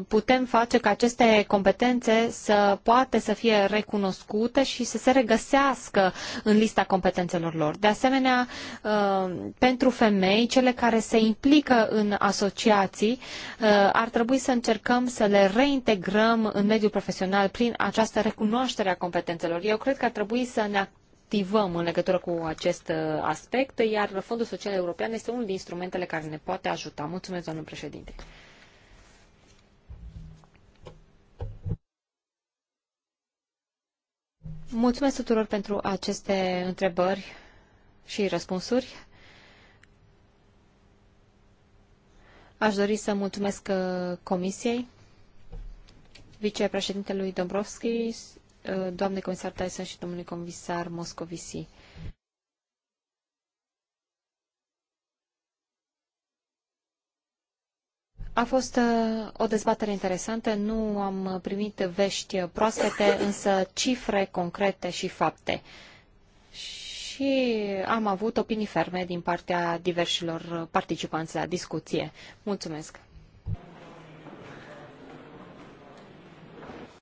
putem face ca aceste competențe să poate să fie recunoscute și să se regăsească în lista competențelor lor. De asemenea, pentru femei, cele care se implică în asociații, ar trebui să încercăm să le reintegrăm în mediul profesional prin această recunoaștere a competențelor. Eu cred că ar trebui să ne activăm în legătură cu acest uh, aspect, iar Fondul Social European este unul din instrumentele care ne poate ajuta. Mulțumesc, domnul președinte. Mulțumesc tuturor pentru aceste întrebări și răspunsuri. Aș dori să mulțumesc uh, Comisiei, vicepreședintelui Dombrovski Uh, doamne comisar Tyson și domnului comisar Moscovici. A fost uh, o dezbatere interesantă, nu am primit vești proaspete, însă cifre concrete și fapte. Și am avut opinii ferme din partea diversilor participanți la discuție. Mulțumesc!